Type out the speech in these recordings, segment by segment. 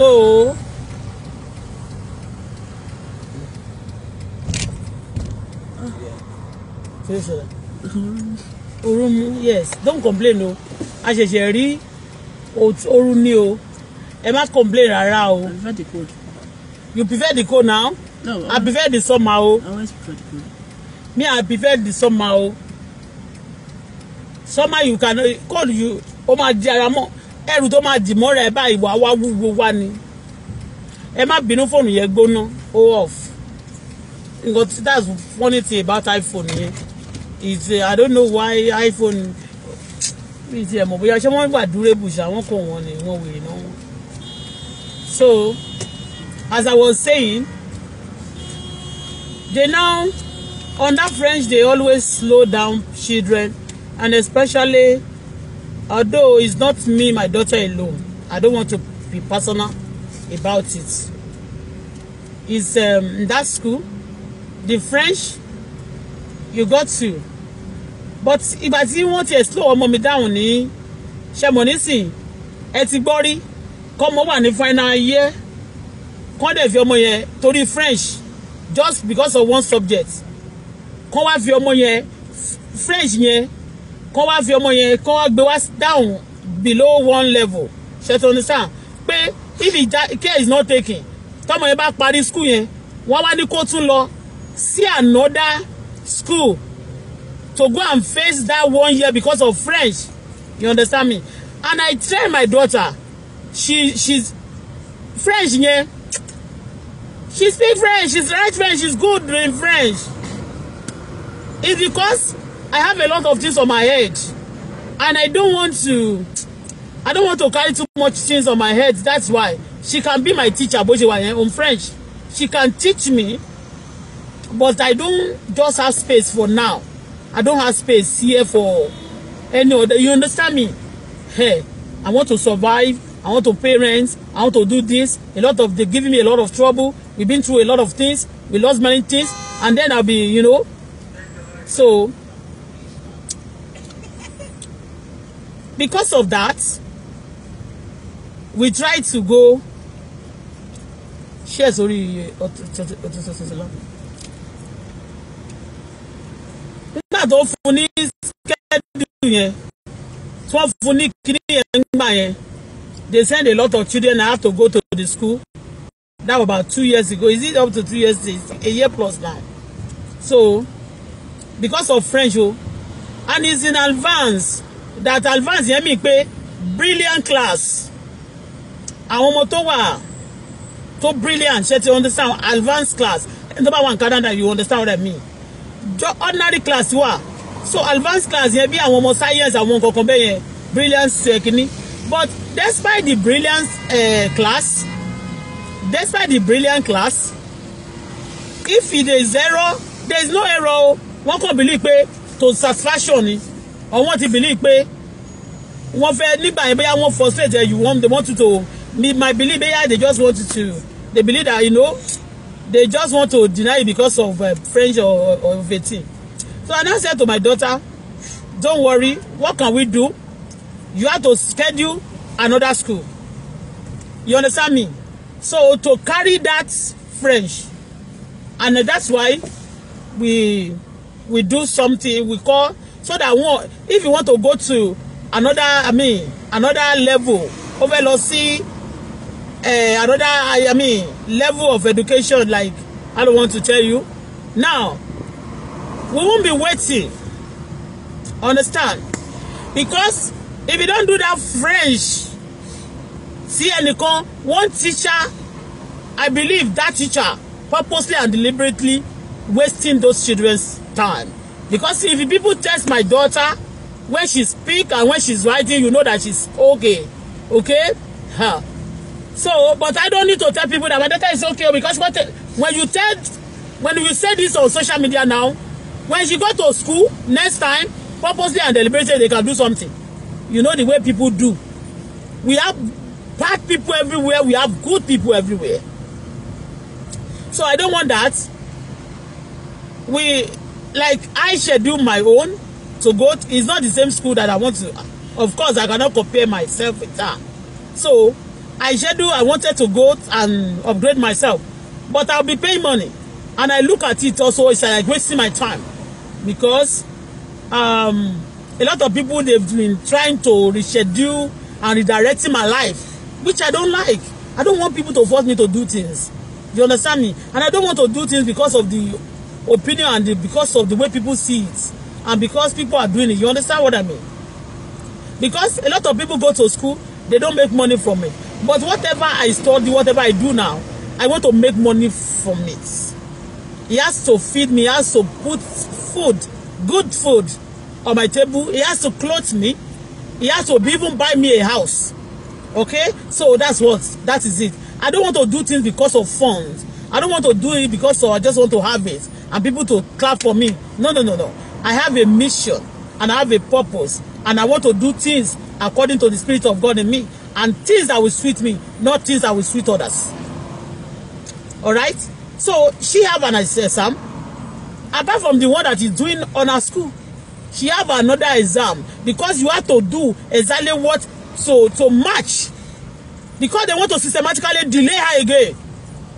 so ooru mu yes don't complain o a ṣẹ̀ṣẹ̀ rí ooru ní o ẹ má complain rárá o you prefer the cold now no, I prefer the summer o me I prefer the summer o summer you can cold you o ma di ara mọ́ ẹrù tó máa dì mọ́ra ẹ báyìí wá wá wúwo wá ni ẹ má bínú fóònù yẹn gbóná ó off nǹkan tí that's funny thing about iphone yẹn it's uh, i don't know why iphone bíi ti ẹ̀ mọ̀ bóyá ṣé wọ́n wà dúrébù ṣá wọ́n kàn wọ́n ni wọ́n wèrè náà wọ́n. so as i was saying they now under french they always slow down children and especially although it's not me my daughter alone I don't want to be personal about it is um, that school the French you got to but if ìgbà tí want to slow ọmọ mi down ní ṣẹ́mọ̀ nísìn ẹ ti gbọ́ rí kọ́mọ wà ní final year kán dẹ̀ fi ọmọ yẹn torí French just because of one subject kán wá fi ọmọ yẹn French yẹn kán wá fi ọmọ yẹn kán wá gbé wá down below one level ṣètòní understand? pé if he care is not taken tọmọ yẹn bá parí school yẹn wọ́n wá ní kó tún lọ sí another school to go and face that one year because of French you understand me and I train my daughter she she's French yẹn she speak French she's right French she's good in French it's because I have a lot of things on my head and I don't want to I don't want to carry too much things on my head that's why she can be my teacher bó ṣe wà on French she can teach me but I don't just have space for now I don't have space here for any other you understand me hey I want to survive I want to pay rent I want to do this a lot of they giving me a lot of trouble we've been through a lot of things we lost many things and then I'll be you know so because of that we try to go share sórí ọtútútútútútú nígbà tó fún ní schedule yẹn tí fún ní kíní yẹn nígbà yẹn they send a lot of children out to go to the school that was about two years ago is it up to two years it's a year plus now so because of French o oh, and it's in advance that advance yẹn mi pé brilliant class àwọn ọmọ tó wà tó brilliant ṣe ti understand advanced class ẹni tó bá wà ní Canada you understand what I mean jọ ordinary class wà so advanced class yẹn bí àwọn ọmọ science àwọn kankan bẹ́ẹ̀ yẹn brilliant ṣèkínní but despite the brilliant uh, class despite the brilliant class if e dey zero there is no error wọn kàn believe pé to satisfaction ni or wọ́n ti believe pé wọ́n fẹ́ nígbà yẹn bóyá wọ́n frustrate you wọ́n they want you to me my belief bóyá they just want to they believe that you know they just want to deny you because of uh, um, French or or vetting. so I now said to my daughter don't worry what can we do you have to schedule another school you understand me so to carry that French and uh, that's why we we do something we call so that one if you want to go to another i mean another level ó fẹ́ lọ sí eh, another i mean level of education like i don't want to tell you now we won't be waiting understand because if you don't do that French see ẹnìkan one teacher i believe that teacher purposely and deliberately wasting those children's time because if people test my daughter when she speak and when she's writing you know that she's okay okay huh. so but I don't need to tell people that my daughter is okay oh, because what, when you tell when you say this on social media now when she go to school next time purposely and deliberately they can do something you know the way people do we have bad people everywhere we have good people everywhere so I don't want that we like I schedule my own to go. To, it's not the same school that I want to. Of course, I cannot compare myself with her. So I schedule. I wanted to go and upgrade myself, but I'll be paying money. And I look at it also. It's like wasting my time because um, a lot of people they've been trying to reschedule and redirecting my life, which I don't like. I don't want people to force me to do things. You understand me? And I don't want to do things because of the opinion and the, because of the way people see it and because people are doing it you understand what I mean because a lot of people go to school they don't make money from it but whatever I study whatever I do now I want to make money from it he has to feed me he has to put food good food on my table he has to clothe me he has to even buy me a house okay so that's what that is it I don't want to do things because of funds I don't want to do it because of, I just want to have it and people to clap for me. No, no, no, no. I have a mission and I have a purpose and I want to do things according to the Spirit of God in me and things that will sweet me, not things that will sweet others. All right? So she have an exam. Apart from the one that is doing honor school, she have another exam because you have to do exactly what so to match because they want to systematically delay her again.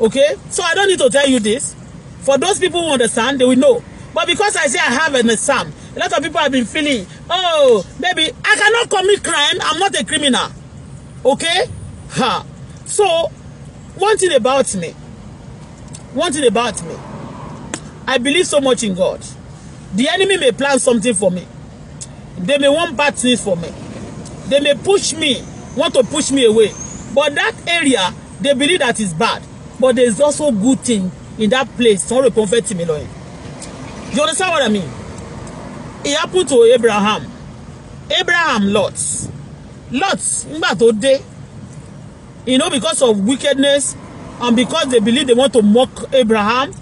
Okay? So I don't need to tell you this. For those people who understand, they will know. But because I say I have an exam, a lot of people have been feeling, oh, baby, I cannot commit crime. I'm not a criminal. Okay? Ha. So, one thing about me, one thing about me, I believe so much in God. The enemy may plan something for me. They may want bad things for me. They may push me, want to push me away. But that area, they believe that is bad. But there's also good thing in that place tí wọ́n to pé wọ́n you understand what I mean it happened to Abraham Abraham Lot Lot nígbà tó dé you know because of wickedness and because they believe they want to mock Abraham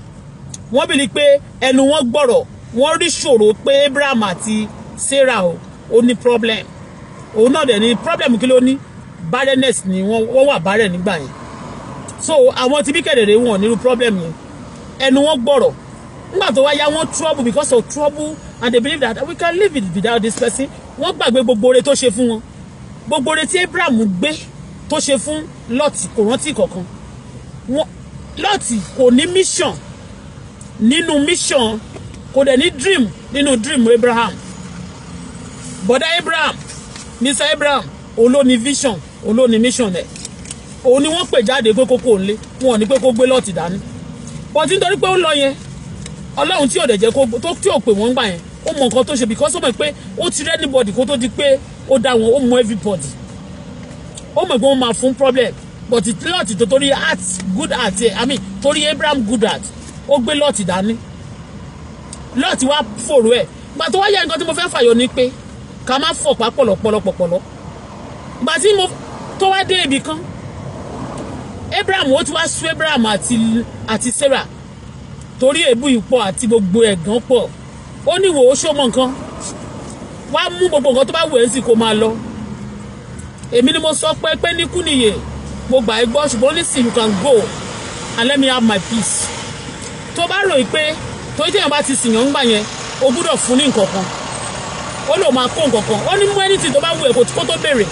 wọ́n bìlí pé ẹnu wọn gbọ́rọ̀ wọ́n rí ṣòro pé Abraham àti Sarah o ó ní problem òun náà dẹ̀ ní problem kí ló ní barrenness ni wọ́n wà barren nígbà yẹn so àwọn tí bí kẹ̀dẹ̀rẹ̀ wọn nírú problem yẹn ẹnu wọn gbọ̀rọ̀ nígbà tó wáyá wọn trouble because of trouble and they believe that we can live it without this person wọ́n gbàgbé gbogbo ore tó ṣe fún wọn gbogbo ore tí Abraham gbé tó ṣe fún lọ́ọ̀tì kò rántí kankan lọ́ọ̀tì kò ní mission nínú mission kò dẹ̀ ní dream nínú dream Abraham bọ̀dá Abraham Mr Abraham òun ló vision òun ló mission ẹ̀ òun ni wọ́n pè jáde pé kókó ńlé wọn ò ní pé kó gbé lọ́ọ̀tì dání bọ́tí nítorí pé ó lọ yẹn ọlọ́run tí ọ̀dẹ̀ jẹ́ kó tí ò pè wọ́n gbà yẹn ó mọ nǹkan tó ṣe because ó mọ̀ pé ó ti rẹ́ anybody kó tó di pé ó dá wọn ó mọ everybody ó mọ̀ pé wọ́n máa fún problem but lọ́ọ̀tì tó torí heart good heart i mean torí Abraham good heart ó gbé lọ́ọ̀tì dání lọ́ọ̀tì wá fòrò ẹ̀ gbà tó wá yẹ nǹkan tí mo fẹ́ fàyọ ni pé ká má fọ̀pá pọ̀lọ̀pọ̀lọ̀pọ̀lọ̀ gbà tí mo tó wá dé ibì kan abraham ó tún wá sún abraham àti àti sarah torí èébú ìpọ àti gbogbo ẹ̀gàn pọ̀ ó ní ìwò oṣù ọmọ nǹkan wá mú gbogbo nǹkan tó bá wù ẹ́ sì kó máa lọ èmi ni mo sọ pé pé ní kúnìyè mo gbà ẹ́ gbọ́ ṣùgbọ́n listen you can go and let me have my peace tó bá ròyìn pé torí téèyàn bá ti sìn yàn ń gbà yẹn o gbúdọ̀ fún ní nǹkan kan ó lò máa kó nǹkan kan ó ní mú anything tó bá wù ẹ́ kó tó béèrè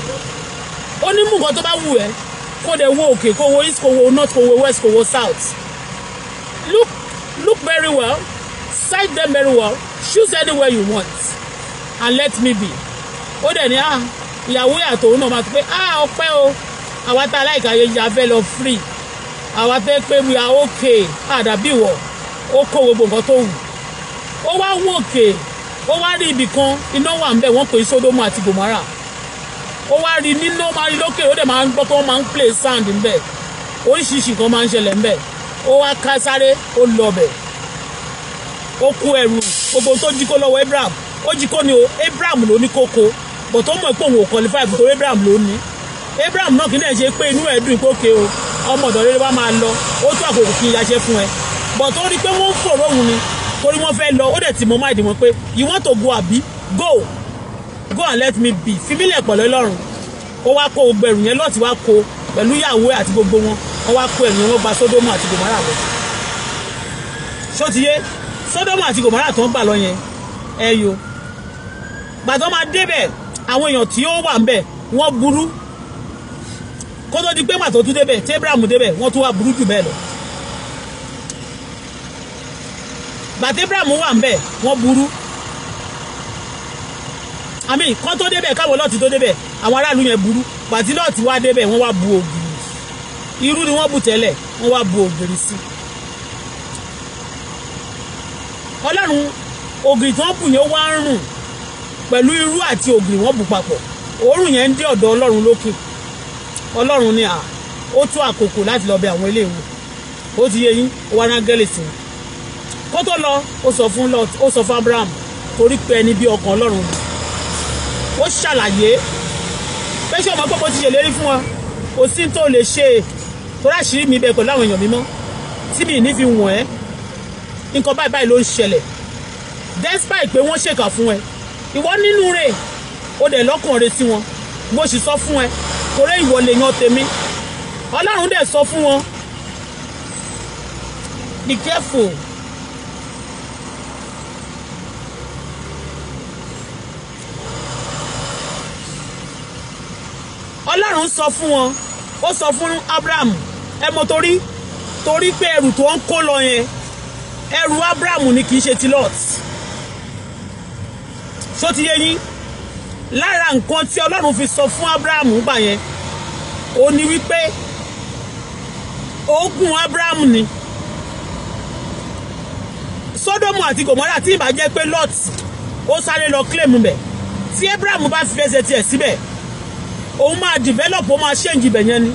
ó ní mú nǹkan tó bá wù ẹ́ kó dẹ̀ wo òkè kó wo east kó wo north kó wo west kó wo south look look very well sight them very well choose anywhere you want and let me be ó dẹ̀ ní ah ìyàwó àtòun náà máa tún pé ah ọpẹ́ o àwa tá a láìka yẹn yà fẹ́ lọ free àwa fẹ́ pé we are okay àdàbí wọ̀ ó kó gbogbo nǹkan tó wù ó wá wọ òkè ó wá rí ibì kan iná wà ń bẹ̀ wọ́n pè é Sódómù àti Gòmárà ó wá rí nínú ó máa rí lókè ó dẹ̀ máa ń gbọ́ pé wọ́n máa ń play sound ńbẹ̀ oríṣiríṣi nǹkan máa ń ṣẹlẹ̀ ńbẹ̀ ó wá ká sáré ó lọ bẹ̀ ó kó ẹrù gbogbo tó jí kó lọ́wọ́ Abraham ó jí kó ni o Abraham ló ní kókó bọ̀ tó mọ̀ pé òun ò qualify bù torí Abraham ló ní Abraham náà kì í náà ṣe pé inú ẹ̀ dùn ìkókè o ọmọ ọ̀dọ̀ rere wá máa lọ ó tún àkókò kí n yaṣẹ́ fún ẹ bọ̀ tó rí pé wọ́n ń fòrò òun ni torí wọ́n fẹ́ lọ ó dẹ̀ ti mọ máìdì wọn pé you want to go àbí go go and let me be fíbílẹ̀ pẹ̀lú ọlọ́run ó wá kó gbogbo ẹrù yẹn lọ́ọ̀tì wá kó pẹ̀lú ìyàwó àti gbogbo wọn wọ́n wá kó ẹrù yẹn wọ́n bà sódómù àti gòmárà lọ ṣó ti yé sódómù àti gòmárà tó ń bà lọ yẹn ẹ yo gbàtọ́ máa débẹ̀ àwọn èèyàn tí ó wà ń bẹ̀ wọ́n burú kó tó di pé màtó tún débẹ̀ tí Abraham débẹ̀ wọ́n tún wá burú jù bẹ́ẹ̀ lọ gbàtẹ́ Abraham wà ń bẹ̀ wọ́n burú àmì kọ́ tó débẹ̀ káwọ́ lọ́ọ̀tì tó débẹ̀ àwọn aráàlú yẹn burú pàtí lọ́ọ̀tì wá débẹ̀ wọ́n wá bu ògiri irú ni wọ́n bù tẹ́lẹ̀ wọ́n wá bu ògiri sí ọlọ́run ògiri tí wọ́n bù yẹn wá ń rùn pẹ̀lú irú àti ògiri wọ́n bù papọ̀ òórùn yẹn ń dé ọ̀dọ̀ ọlọ́run lókè ọlọ́run ni à ó tó àkókò láti lọ bẹ àwọn iléèwé ó ti yẹ yín ó wá rán gẹ́lẹ́sì kó tó lọ ó sọ fún Abraham torí pé ẹni bí ọkàn ọlọ́run ni ó ṣàlàyé pé ṣé ọmọ pọ́pọ́ ti ṣèlérí fún wọn kò sí tó lè ṣe tó ráṣìírí mi bẹ̀ pẹ̀lú àwọn èèyàn mímọ́ tí mi ní fi wọ̀n ẹ́ nǹkan báyìí báyìí ló ń ṣẹlẹ̀ despite pé wọ́n ṣèkà fún ẹ ìwọ nínú rẹ̀ ó dẹ̀ lọ́kàn rẹ̀ sí wọn mo sì sọ fún ẹ torí ìwọ lè yan tèmi ọlọ́run dẹ̀ sọ fún wọn be careful ọlọ́run sọ fún wọn ó sọ fún abraham ẹ mọ torí torí pé ẹrù tó ń kó lọ yẹn ẹrù abraham ni kì í ṣe ti lot ṣó ti yé yín lára nǹkan tí ọlọ́run fi sọ fún abraham gbà yẹn ó ní wípé oògùn abraham ni sodomu àti gomora tí ìbá jẹ́ pé lot ó sáré lọ claim bẹ̀ tí abraham bá fi fẹsẹ̀ tiẹ̀ síbẹ̀ òun máa develop ó máa change ibẹ̀ yẹn ni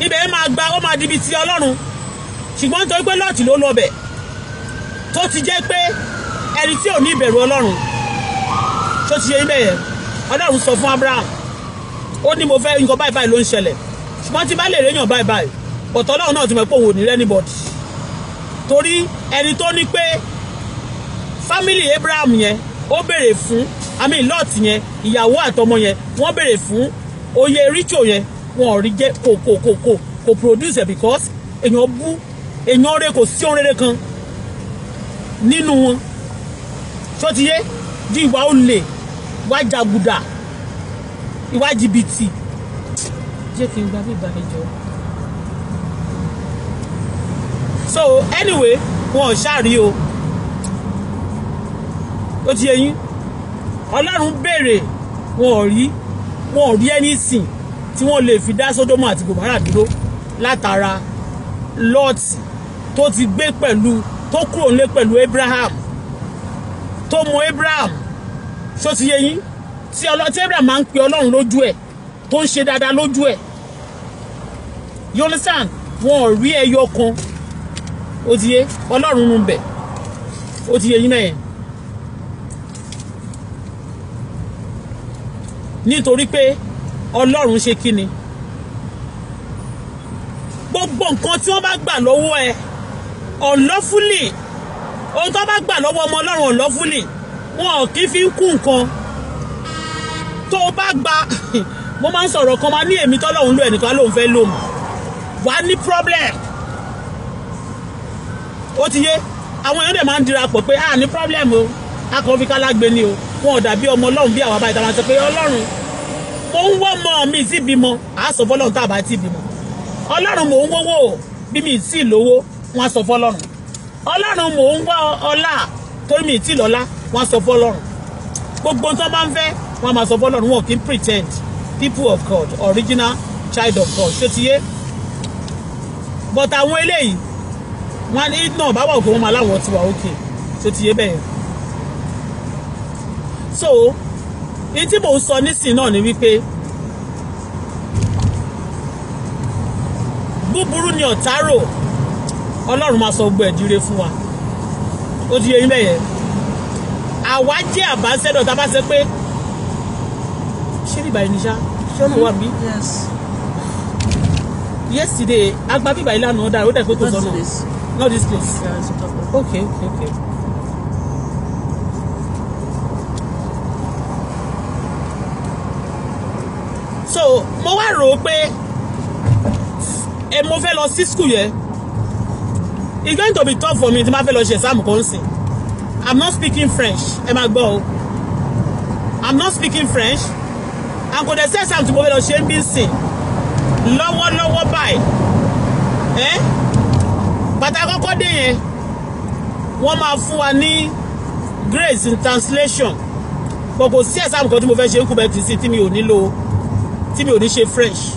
ibẹ̀ yẹn máa gba ó máa dibi ti ọlọ́run ṣùgbọ́n nítorí pé lọ́ọ̀tì ló lọ bẹ̀ tó ti jẹ́ pé ẹni tí ò ní ìbẹ̀rù ọlọ́run tó ti ṣe ibẹ̀ yẹn ọlọ́run sọ fún Abraham ó ní mo fẹ́ nǹkan báyìí báyìí ló ń ṣẹlẹ̀ ṣùgbọ́n tí bá lè réyàn báyìí báyìí ọ̀tọ̀ ọlọ́run náà ti mọ̀ pé òun ò ní rẹ́nìbọ̀dì torí ẹni tó ní pé fámìlì Abraham yẹn ó béèrè fún àmì yẹn ìyàwó àtọmọ yẹn wọ́n béèrè fún oyè ríṣò yẹn wọn ò rí jẹ́ kò kò kò kò kò produce ẹ̀ because èèyàn bú èèyàn rẹ kò sí òrèrè kan nínú wọn ṣọ́tiyé di ìwà olè ìwà jàgùdà ìwà jìbìtì jẹ́ kí n gba bíbá ẹjọ́ so anyway wọn ò ṣáàrí o ó ti yẹ yín ọlọ́run béèrè wọn ò rí wọn ò rí ẹni sìn tí wọ́n lè fi dá sódómù àti gòmárà dúró látara lọ́ọ̀tì tó ti gbé pẹ̀lú tó kúrò nílé pẹ̀lú abraham tó mọ abraham ṣó ti yé yín tí ọlọ́tí abraham máa ń pe ọlọ́run lójú ẹ̀ tó ń ṣe dáadáa lójú ẹ̀ you understand wọn ò rí ẹyọ kan ó ti yé ọlọ́run nù bẹ̀ ó ti yé yín mẹ́yìn. nítorí pé ọlọ́run ṣe kí ni gbogbo nǹkan tí wọ́n bá gbà lọ́wọ́ ẹ ọ̀lọ́fúlì ohun tó bá gbà lọ́wọ́ ọmọ ọlọ́run ọ̀lọ́fúlì wọn ò kí fi ń kú nǹkan tó o bá gba mo máa ń sọ̀rọ̀ kan máa ní èmi tọ́lọ́run lò ẹnìkan lòun fẹ́ lò mọ́ wà á ní problem ó ti yé àwọn èèyàn dẹ̀ máa ń dira pé a ní problem o akọ̀ fi kálágbe ni o wọn ò dàbí ọmọ ọlọ́run bí àwọn abáyé tá a máa sọ pé ọlọ́run mò ń wọ́ ọmọ mi tí bímọ àá sọ fọlọ́run tá a bá tí bímọ ọlọ́run mò ń wọ́wọ́ bí mi tí lówó wọn á sọ fọlọ́run ọlọ́run mò ń wọ́ ọlá torí mi tí lọ́lá wọn á sọ fọlọ́run gbogbo tó bá ń fẹ́ wọn máa sọ fọlọ́run wọn kì í pretend people of God original child of God ṣé ti yé but àwọn eléyìí wọn náà bá wà òkè wọn máa láwọ tiwa òkè ṣé ti yé bẹ́ẹ̀ so ní tí mò ń sọ nísìn náà ni wípé búburú ni ọ̀tárò ọlọ́run máa sọ gbogbo ẹ̀díire fún wa ó di eyín bẹ́yẹ àwa jẹ́ àbáṣẹ́dọ̀ tá a bá ṣe pé ṣé bíbá yìí ni ṣá ṣé ó lè wà bí. yesterday agbábíbá yìí lánàá dára ó dẹ̀ pé kò sọ náà not this place. okay okay okay. so mo wá rò ó pé ẹ mo fẹ́ lọ sí school yẹn it's going to be tough for me to n bá fẹ́ lọ ṣe exam kan sìn i'm not speaking french ẹ máa gbọ́ o i'm not speaking french and kò dẹ̀ sí exam tí mo fẹ́ lọ ṣe ń bí sìn lọ́wọ́lọ́wọ́ báyìí ẹ́ bàtà kọ́kọ́ dé yẹn wọ́n máa fún wa ní grace in translation but kò sí exam kan tí mo fẹ́ ṣe ń kú bẹ́ẹ̀ tì sí tí mi ò nílò o tí mi ò ní ṣe french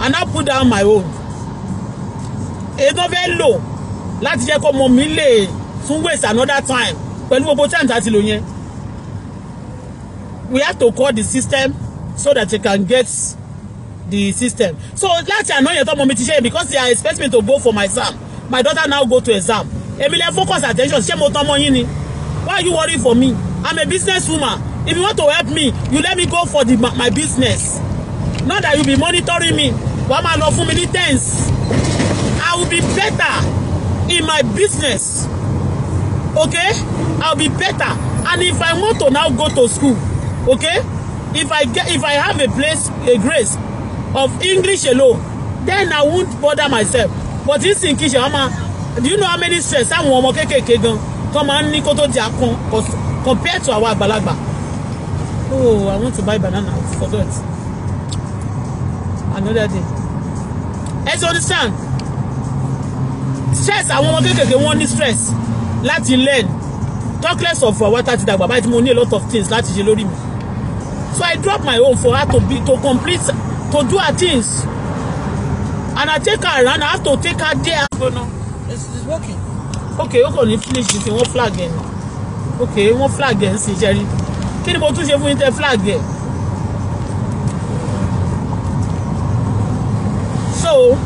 and i put down my own èyí tó fẹ́ lò láti jẹ́ kó ọmọ mi lè tún waste another time pẹ̀lú gbogbo time tá a ti lò yẹn we have to call the system so that you can get the system so láti àná yẹn tó ọmọ mi ti ṣe yẹn because they are expecting me to go for my exam my daughter now go to exam èmi lè focus attention ṣé mo tán ọmọ yín ni why you worry for me i'm a business woman If you want to help me, you let me go for the, my, my business. Not that you be monitoring me. Wàá my lọ fún mi ní I will be better in my business. Okay? I'll be better. And if I want to now go to school, okay? If I get, if I have a place, a grace of English alone, then I won't bother myself. But this thing, Kisha, do you know how many stress àwọn ọmọ kéékèèké gan-an tó máa ń ní kó compared to àwọn àgbàlagbà? oh i want to buy banana i forgot another day ẹ ti understand stress àwọn ọmọ kékèké wọ́n ní stress láti learn talk less of àwa tá a ti dàgbà báyìí mo ní a lot of things láti ṣe lórí mi so i drop my own for her to be to complete to do her things and i take her around i have to take her there. gbóná it's working. okay o kò ní finish ìsìn wọ́n flag ẹ̀ ní okay wọ́n flag ẹ̀ ń sìn kí ni mo tún ṣe fún flag yẹ so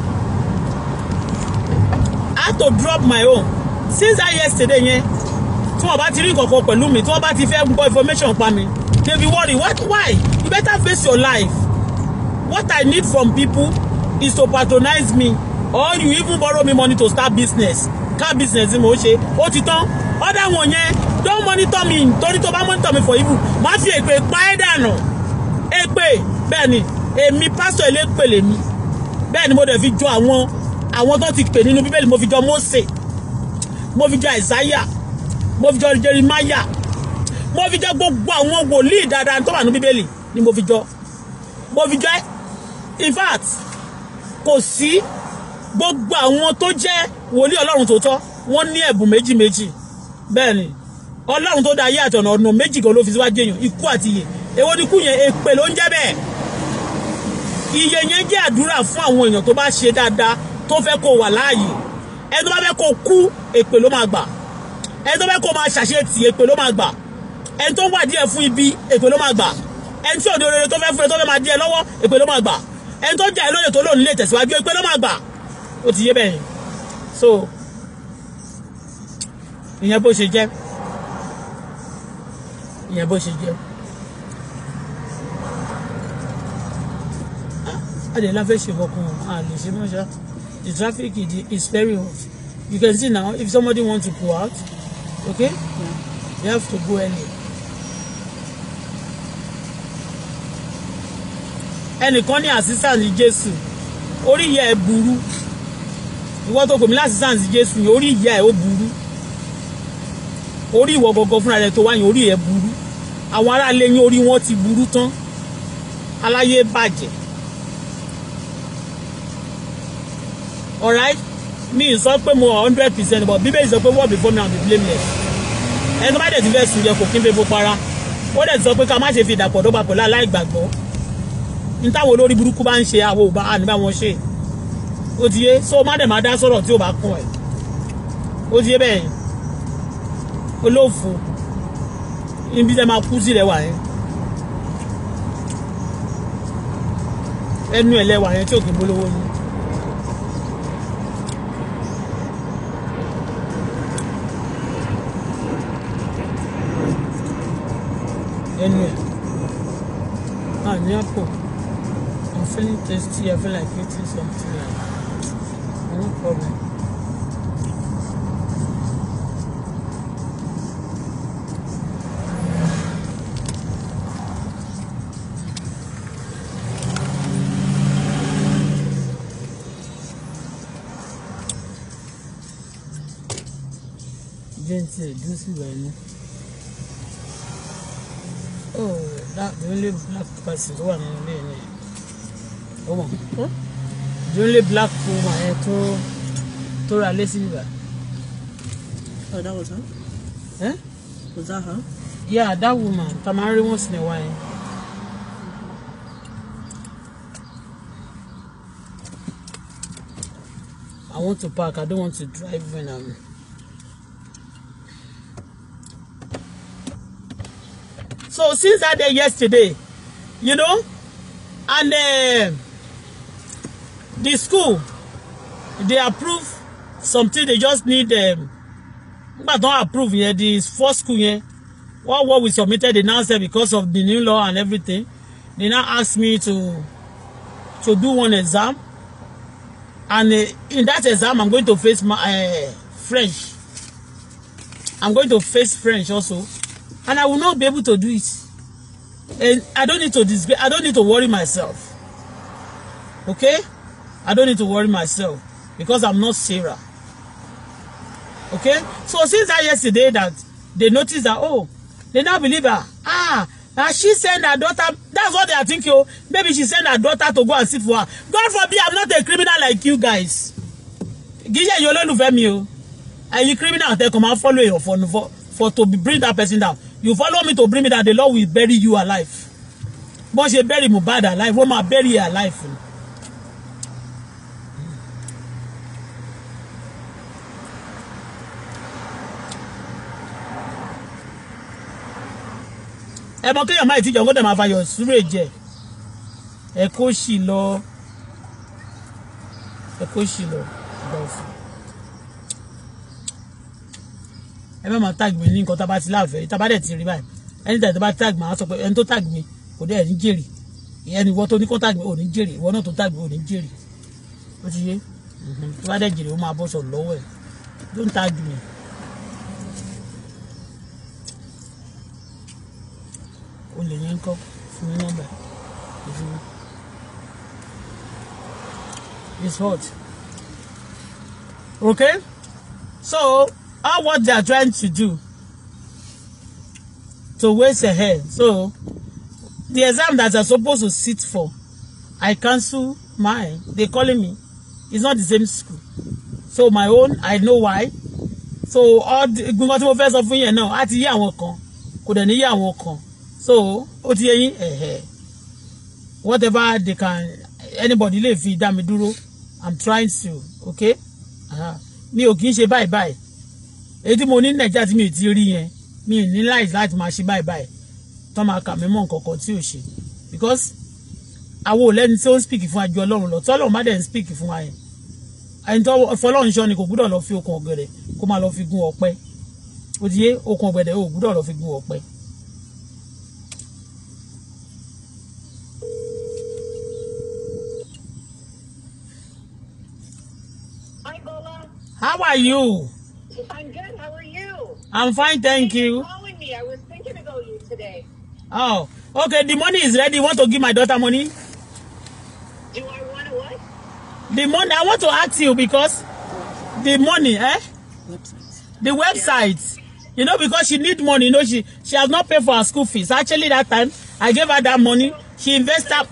I have to drop my own since I yesterday yẹn tí wọn bá ti rí nǹkankan pẹ̀lú mi tí wọn bá ti fẹ́ information pa mi they be worried. what why you better face your life what I need from people is to patronize me or you even borrow me money to start business car business ni mo ṣe ó ti tán ọ̀dà don't monitor me torí tó bá monitor mi for evil má fi èpè pa ẹ́ dànù èpè bẹ́ẹ̀ ni èmi pásítọ̀ ilé pèlè mi bẹ́ẹ̀ ni mo dẹ̀ fi jọ àwọn àwọn tó ti pè nínú bíbélì mo fi jọ Mósè mo fi jọ àìsáyà mo fi jọ jerimaya mo fi jọ gbogbo àwọn wòlíì dáadáa tó wà ní bíbélì ni mo fi jọ mo fi jọ in fact kò sí gbogbo àwọn tó jẹ́ wòlíì ọlọ́run tòótọ́ wọ́n ní ẹ̀bùn méjì méjì bẹ́ẹ̀ ni ọlọ́run tó da ayé àtọ̀nà ọ̀nà méjì kan ló fi síwájú èèyàn ikú àti iyè èwo ni kú yẹn èpè ló ń jẹ́ bẹ́ẹ̀ iye yẹn jẹ́ àdúrà fún àwọn èèyàn tó bá ṣe dáadáa tó fẹ́ kó wà láàyè ẹni tó bá fẹ́ kó kú èpè ló máa gbà ẹni tó fẹ́ kó máa ṣàṣe tì èpè ló máa gbà ẹni tó ń wádìí fún ibi èpè ló máa gbà ẹni tí òde rere tó fẹ́ fún tó fẹ́ máa dí lọ́wọ́ èpè ló máa gbà ẹni tó jà ẹ tó lòun lè tẹ̀síwájú èpè ló máa gbà ó ti yé bẹ́ẹ̀ so ìyẹn bó ṣe jẹ́. Yeah, bó ṣe jẹ adé la fẹ́ ṣe kankan a lè the traffic is very hot you can see now if somebody wants to go out okay yeah. you have to go early. ẹnìkan ní assistant Jésù orí ìyá ẹ burú ìwọ́n tó pè mí láti assistant Jésù orí ìyá ẹ ó burú orí ìwọ gọgọ fúnra rẹ tó wá orí ẹ burú àwọn aráalé yín orí wọn ti burú tán aláyé bàjẹ́ alright mi sọ pé mo hundred percent but bíbélì sọ pé wọ́n before now be blameless ẹni tó bá dẹ̀ ti fẹ́ sùn yẹ kò kí n bẹ bó para ó dẹ̀ sọ pé ká má ṣe fi ìdàpọ̀ dọ́gba pẹ̀lú aláìgbàgbọ́ n táwọn olórí burúkú bá ń ṣe àwọn òbá àníbá wọn ṣe ó ti yé so má dẹ̀ má dá sọ̀rọ̀ tí ò bá kún ẹ̀ ó ti yé bẹ́ẹ̀ yẹn olófò níbi tẹ́ máa kú sí lẹ́wà yẹn ẹnu ẹ̀ lẹ́wà yẹn tí òkè bolówó ni. ẹnu ẹ̀ ah ní àpò I'm feeling thirsty I feel like eating something like no problem. tiẹ̀ dúró síbẹ̀ ni ó the only black person tó wà nínú ilé ni ó hm? the only black woman yẹn to tó ra lé síbí Oh, that was her? Eh? Was that her? Yeah, that woman. Tamari once in a while. I want to park. I don't want to drive when I'm. So since that day yesterday, you know, and uh, the school, they approve something. They just need um, but don't approve yet. Yeah, the first school yeah, what what we submitted, they now said because of the new law and everything, they now asked me to to do one exam. And uh, in that exam, I'm going to face my uh, French. I'm going to face French also and I will not be able to do it and I don't need to disgrace I don't need to worry myself okay I don't need to worry myself because I'm not Sarah okay so since that yesterday that they noticed that oh they now believe her ah na she send her daughter that's what they are thinking oh maybe she send her daughter to go and sit for her God forbid I'm not a criminal like you guys gíṣẹ́ yìí olólùfẹ́ mi o oh. ẹ̀yin criminal They come, máa follow èèyàn for for to bring that person down you follow me to bring me that the Lord will bury you alive bọ́n ṣe bury bad alive wọ́n máa bury her alive ni. ẹ mọ kéèyàn máa ìtìjọ gbọ́dọ̀ máa fàyọ sùúrù jẹ ẹ kó sì lọ ẹ kó sì lọ ìgbà òfin. ẹ má máa tag mi ní nǹkan tá a bá ti láàfẹ́ ti rí báyìí ẹni tàbí tó tag mi àwọn sọ pé ẹni tó tag mi kò dẹ̀ ní jèrè ẹni ìwọ tó ní kó tag mi ò ní jèrè ìwọ náà tó tag mi ò ní jèrè ó ti yé mhm. tó bá jèrè ó máa bọ́ sọ̀rọ̀ lọ́wọ́ ẹ̀ don't tag me. olè yẹn ń kọ́ fún mi nọ́mbà ìfún it's hot okay so all what they are trying to do to waste ahead. So the exam that you're supposed to sit for, I cancel mine. They calling me. It's not the same school. So my own, I know why. So all the gbogbo tí mo fẹ́ sọ fún yẹn náà, á ti yé àwọn kan, So ó ti yé Whatever they can, anybody leave fi dá I'm trying to, okay? Mi ò kì í ṣe báyìí èyí mo ní nàìjíríà tí mi ti rí yẹn mi ní láì láti máa ṣe báyìí báyìí tó máa kà mí mọ́ nǹkan kan tí ò ṣe because àwọn òlẹ́ni tí ó ń speak fún àjọ ọlọ́run lọ tọ́lọ́run má dẹ̀ ń speak fún wa yẹn ẹni tó fọlọ́run ṣọ́ ni kò gbúdọ̀ lọ fi okùn ọ̀gẹ̀dẹ̀ kó máa lọ fi gun ọ̀pẹ ó ti yé ò gbúdọ̀ lọ fi gun ọ̀pẹ. How are you? I'm good. I'm fine, thank you. Calling me. I was thinking about you today. Oh, okay. The money is ready. You want to give my daughter money? Do I want to what? The money. I want to ask you because the money, eh? Website. The website. Yeah. You know, because she need money. You know, she she has not paid for her school fees. Actually, that time I gave her that money. She invested. Up...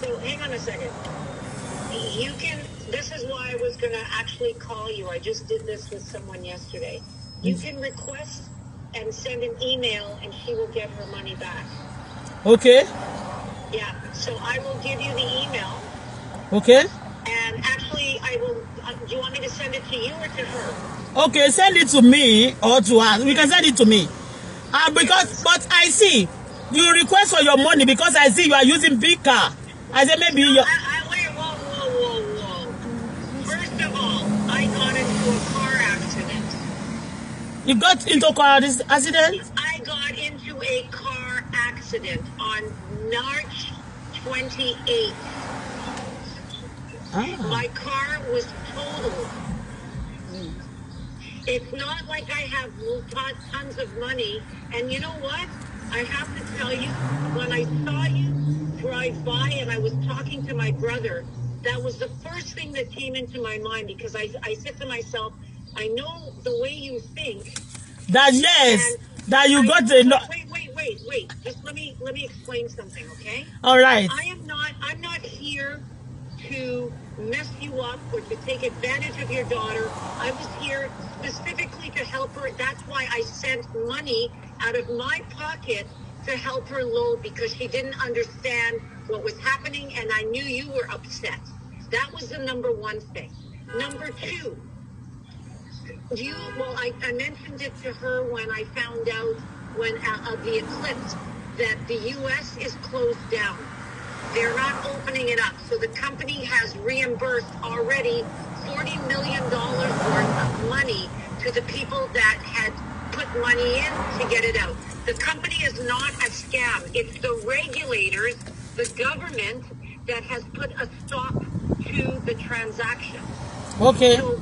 So hang on a second. You can. This is why I was gonna actually call you. I just did this with someone yesterday. You mm. can request and send an email, and she will get her money back. Okay. Yeah. So I will give you the email. Okay. And actually, I will. Uh, do you want me to send it to you or to her? Okay, send it to me or to us. We can send it to me. Uh, because, but I see you request for your money because I see you are using big car. I said maybe no, your. I, I You got into a car accident? I got into a car accident on March 28th. Ah. My car was totaled. It's not like I have tons of money. And you know what? I have to tell you, when I saw you drive by and I was talking to my brother, that was the first thing that came into my mind because I, I said to myself, I know the way you think. That yes, that you I got the. No- wait, wait, wait, wait. Just let me let me explain something, okay? All right. I am not. I'm not here to mess you up or to take advantage of your daughter. I was here specifically to help her. That's why I sent money out of my pocket to help her low because she didn't understand what was happening, and I knew you were upset. That was the number one thing. Number two you, well, I, I mentioned it to her when I found out when uh, of the eclipse that the U.S. is closed down. They're not opening it up. So the company has reimbursed already $40 million worth of money to the people that had put money in to get it out. The company is not a scam. It's the regulators, the government that has put a stop to the transaction. Okay. So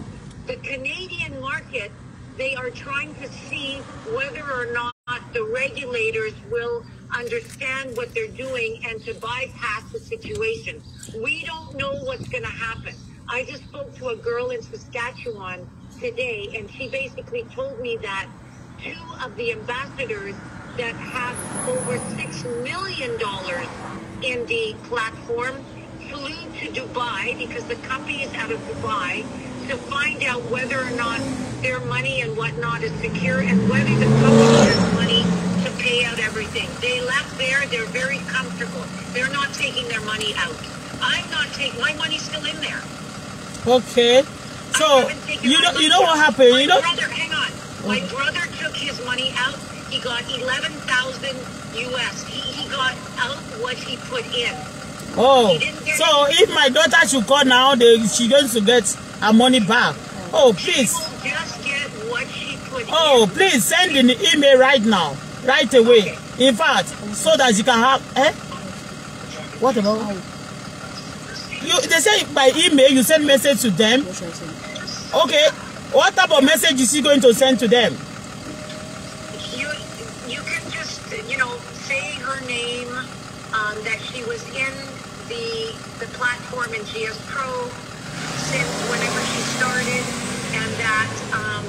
the Canadian market, they are trying to see whether or not the regulators will understand what they're doing and to bypass the situation. We don't know what's going to happen. I just spoke to a girl in Saskatchewan today, and she basically told me that two of the ambassadors that have over $6 million in the platform flew to Dubai because the company is out of Dubai to find out whether or not their money and whatnot is secure and whether the company has money to pay out everything. They left there. They're very comfortable. They're not taking their money out. I'm not taking. My money's still in there. Okay. So you know you know what happened. My you know. Brother, hang on. My oh. brother took his money out. He got eleven thousand US. He he got out what he put in. Oh, so if my daughter should call now, they, she going to get her money back. Oh, please. Oh, please send an email right now, right away. Okay. In fact, so that you can have. Eh? What about? You, they say by email you send message to them. Okay. What type of message is he going to send to them? You, you can just, you know, say her name, um, that she was in the platform in GS Pro since whenever she started, and that um,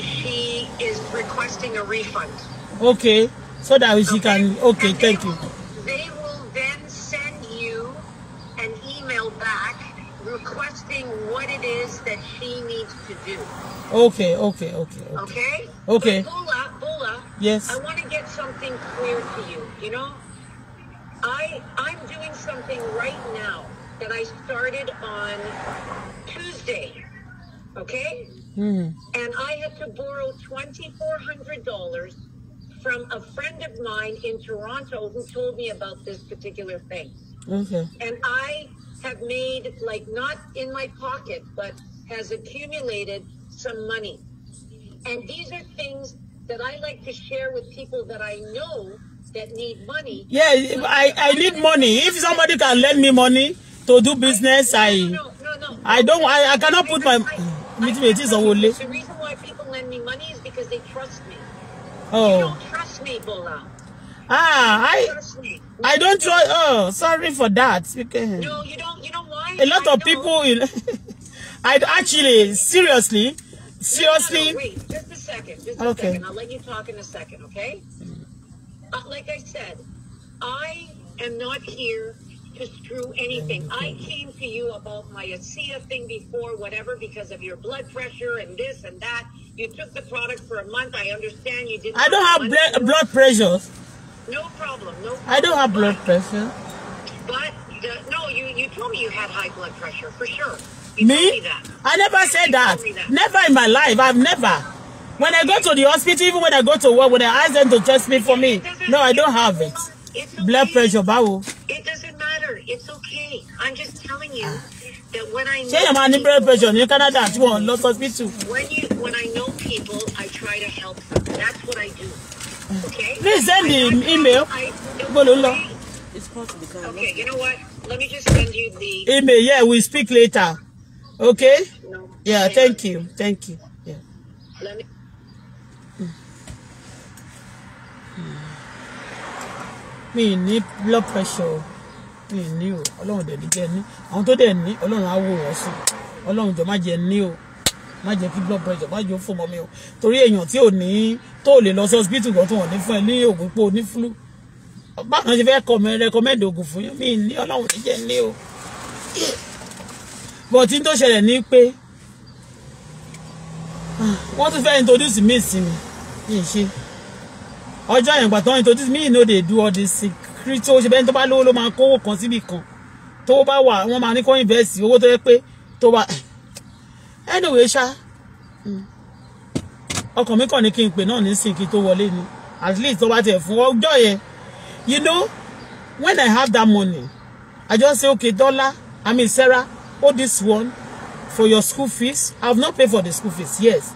she is requesting a refund. Okay, so that she okay. can. Okay, and thank they, you. They will then send you an email back requesting what it is that she needs to do. Okay, okay, okay. Okay. Okay. okay. Bula, Bula, yes. I want to get something clear to you. You know. I I'm doing something right now that I started on Tuesday. Okay? mm And I had to borrow $2,400 from a friend of mine in Toronto who told me about this particular thing. Okay. Mm-hmm. And I have made, like, not in my pocket, but has accumulated some money. And these are things that I like to share with people that I know that need money. Yeah, I, I need money. If somebody can lend me money to do business, I no, no, no, I don't I, I cannot put my meet me. It is only. The reason why people lend me money is because they trust me. Oh. You don't trust me, Bola. Ah, I I don't trust. Oh, sorry for that. Okay. No, you don't. You know why? A lot I of people. In, I actually, seriously, seriously. No, no, no, wait, just a second. Just a okay. second. I'll let you talk in a second. Okay like I said, I am not here to screw anything. I came to you about my ASEA thing before, whatever, because of your blood pressure and this and that. You took the product for a month. I understand you didn't. I don't have blood, blood pressure. No problem. No. Problem. I don't have blood pressure. But the, no, you you told me you had high blood pressure for sure. You me? me I never said that. that. Never in my life. I've never. When I go to the hospital, even when I go to work, when I ask them to test me for me, no, I don't have it. Blood pressure, báwo. It doesn't matter. It's okay. I'm just telling you that when I know Ṣé máa ní blood pressure You cannot Canada one. wọ́n lọ hospital. When you when I know people, I try to help them. That's what I do. Okay? Please send the email. Go It's part of the car. Okay, you know what? Let me just send you the email. Yeah, we speak later. Okay? No. Yeah, thank you. Thank you. Yeah. Let me mi ní blood pressure mi ní o ọlọ́run dẹ̀ ní jẹ́ ní àwọn tó dẹ̀ ní ọlọ́run á wò wọ́n sí ọlọ́run jọ má jẹ́ ní o má jẹ́ kí blood pressure má jẹ́ ó fòmọ́ mi o torí èèyàn tí ò ní tó lè lọ sí hospital kan tó wọ́n ní fún ẹ ní oògùn pé o ní flu bákan ṣe fẹ́ kọ́ mi recommend oògùn fún yín mi ní ọlọ́run ní jẹ́ ní o bọ̀tí tó ṣẹlẹ̀ ní pé ah, wọ́n tún fẹ́ introduce mi sí mi ní ìṣe ọjọ́ yẹn gbà tó ń introduce me dey do all this secret tó ṣe bẹ́ẹ̀ tó bá lówó ló máa kówó kan síbì kan tó bá wà wọ́n máa ní kó invest owó tó yẹ pé tó bá anyway ṣá ọkàn mi kàn ní kí n pè náà nísìn kí n tó wọlé ni at least tó bá tiẹ̀ fún ọjọ́ yẹn you know when I have that money I just say okay dollar I mean Sarah hold this one for your school fees I have not paid for the school fees yes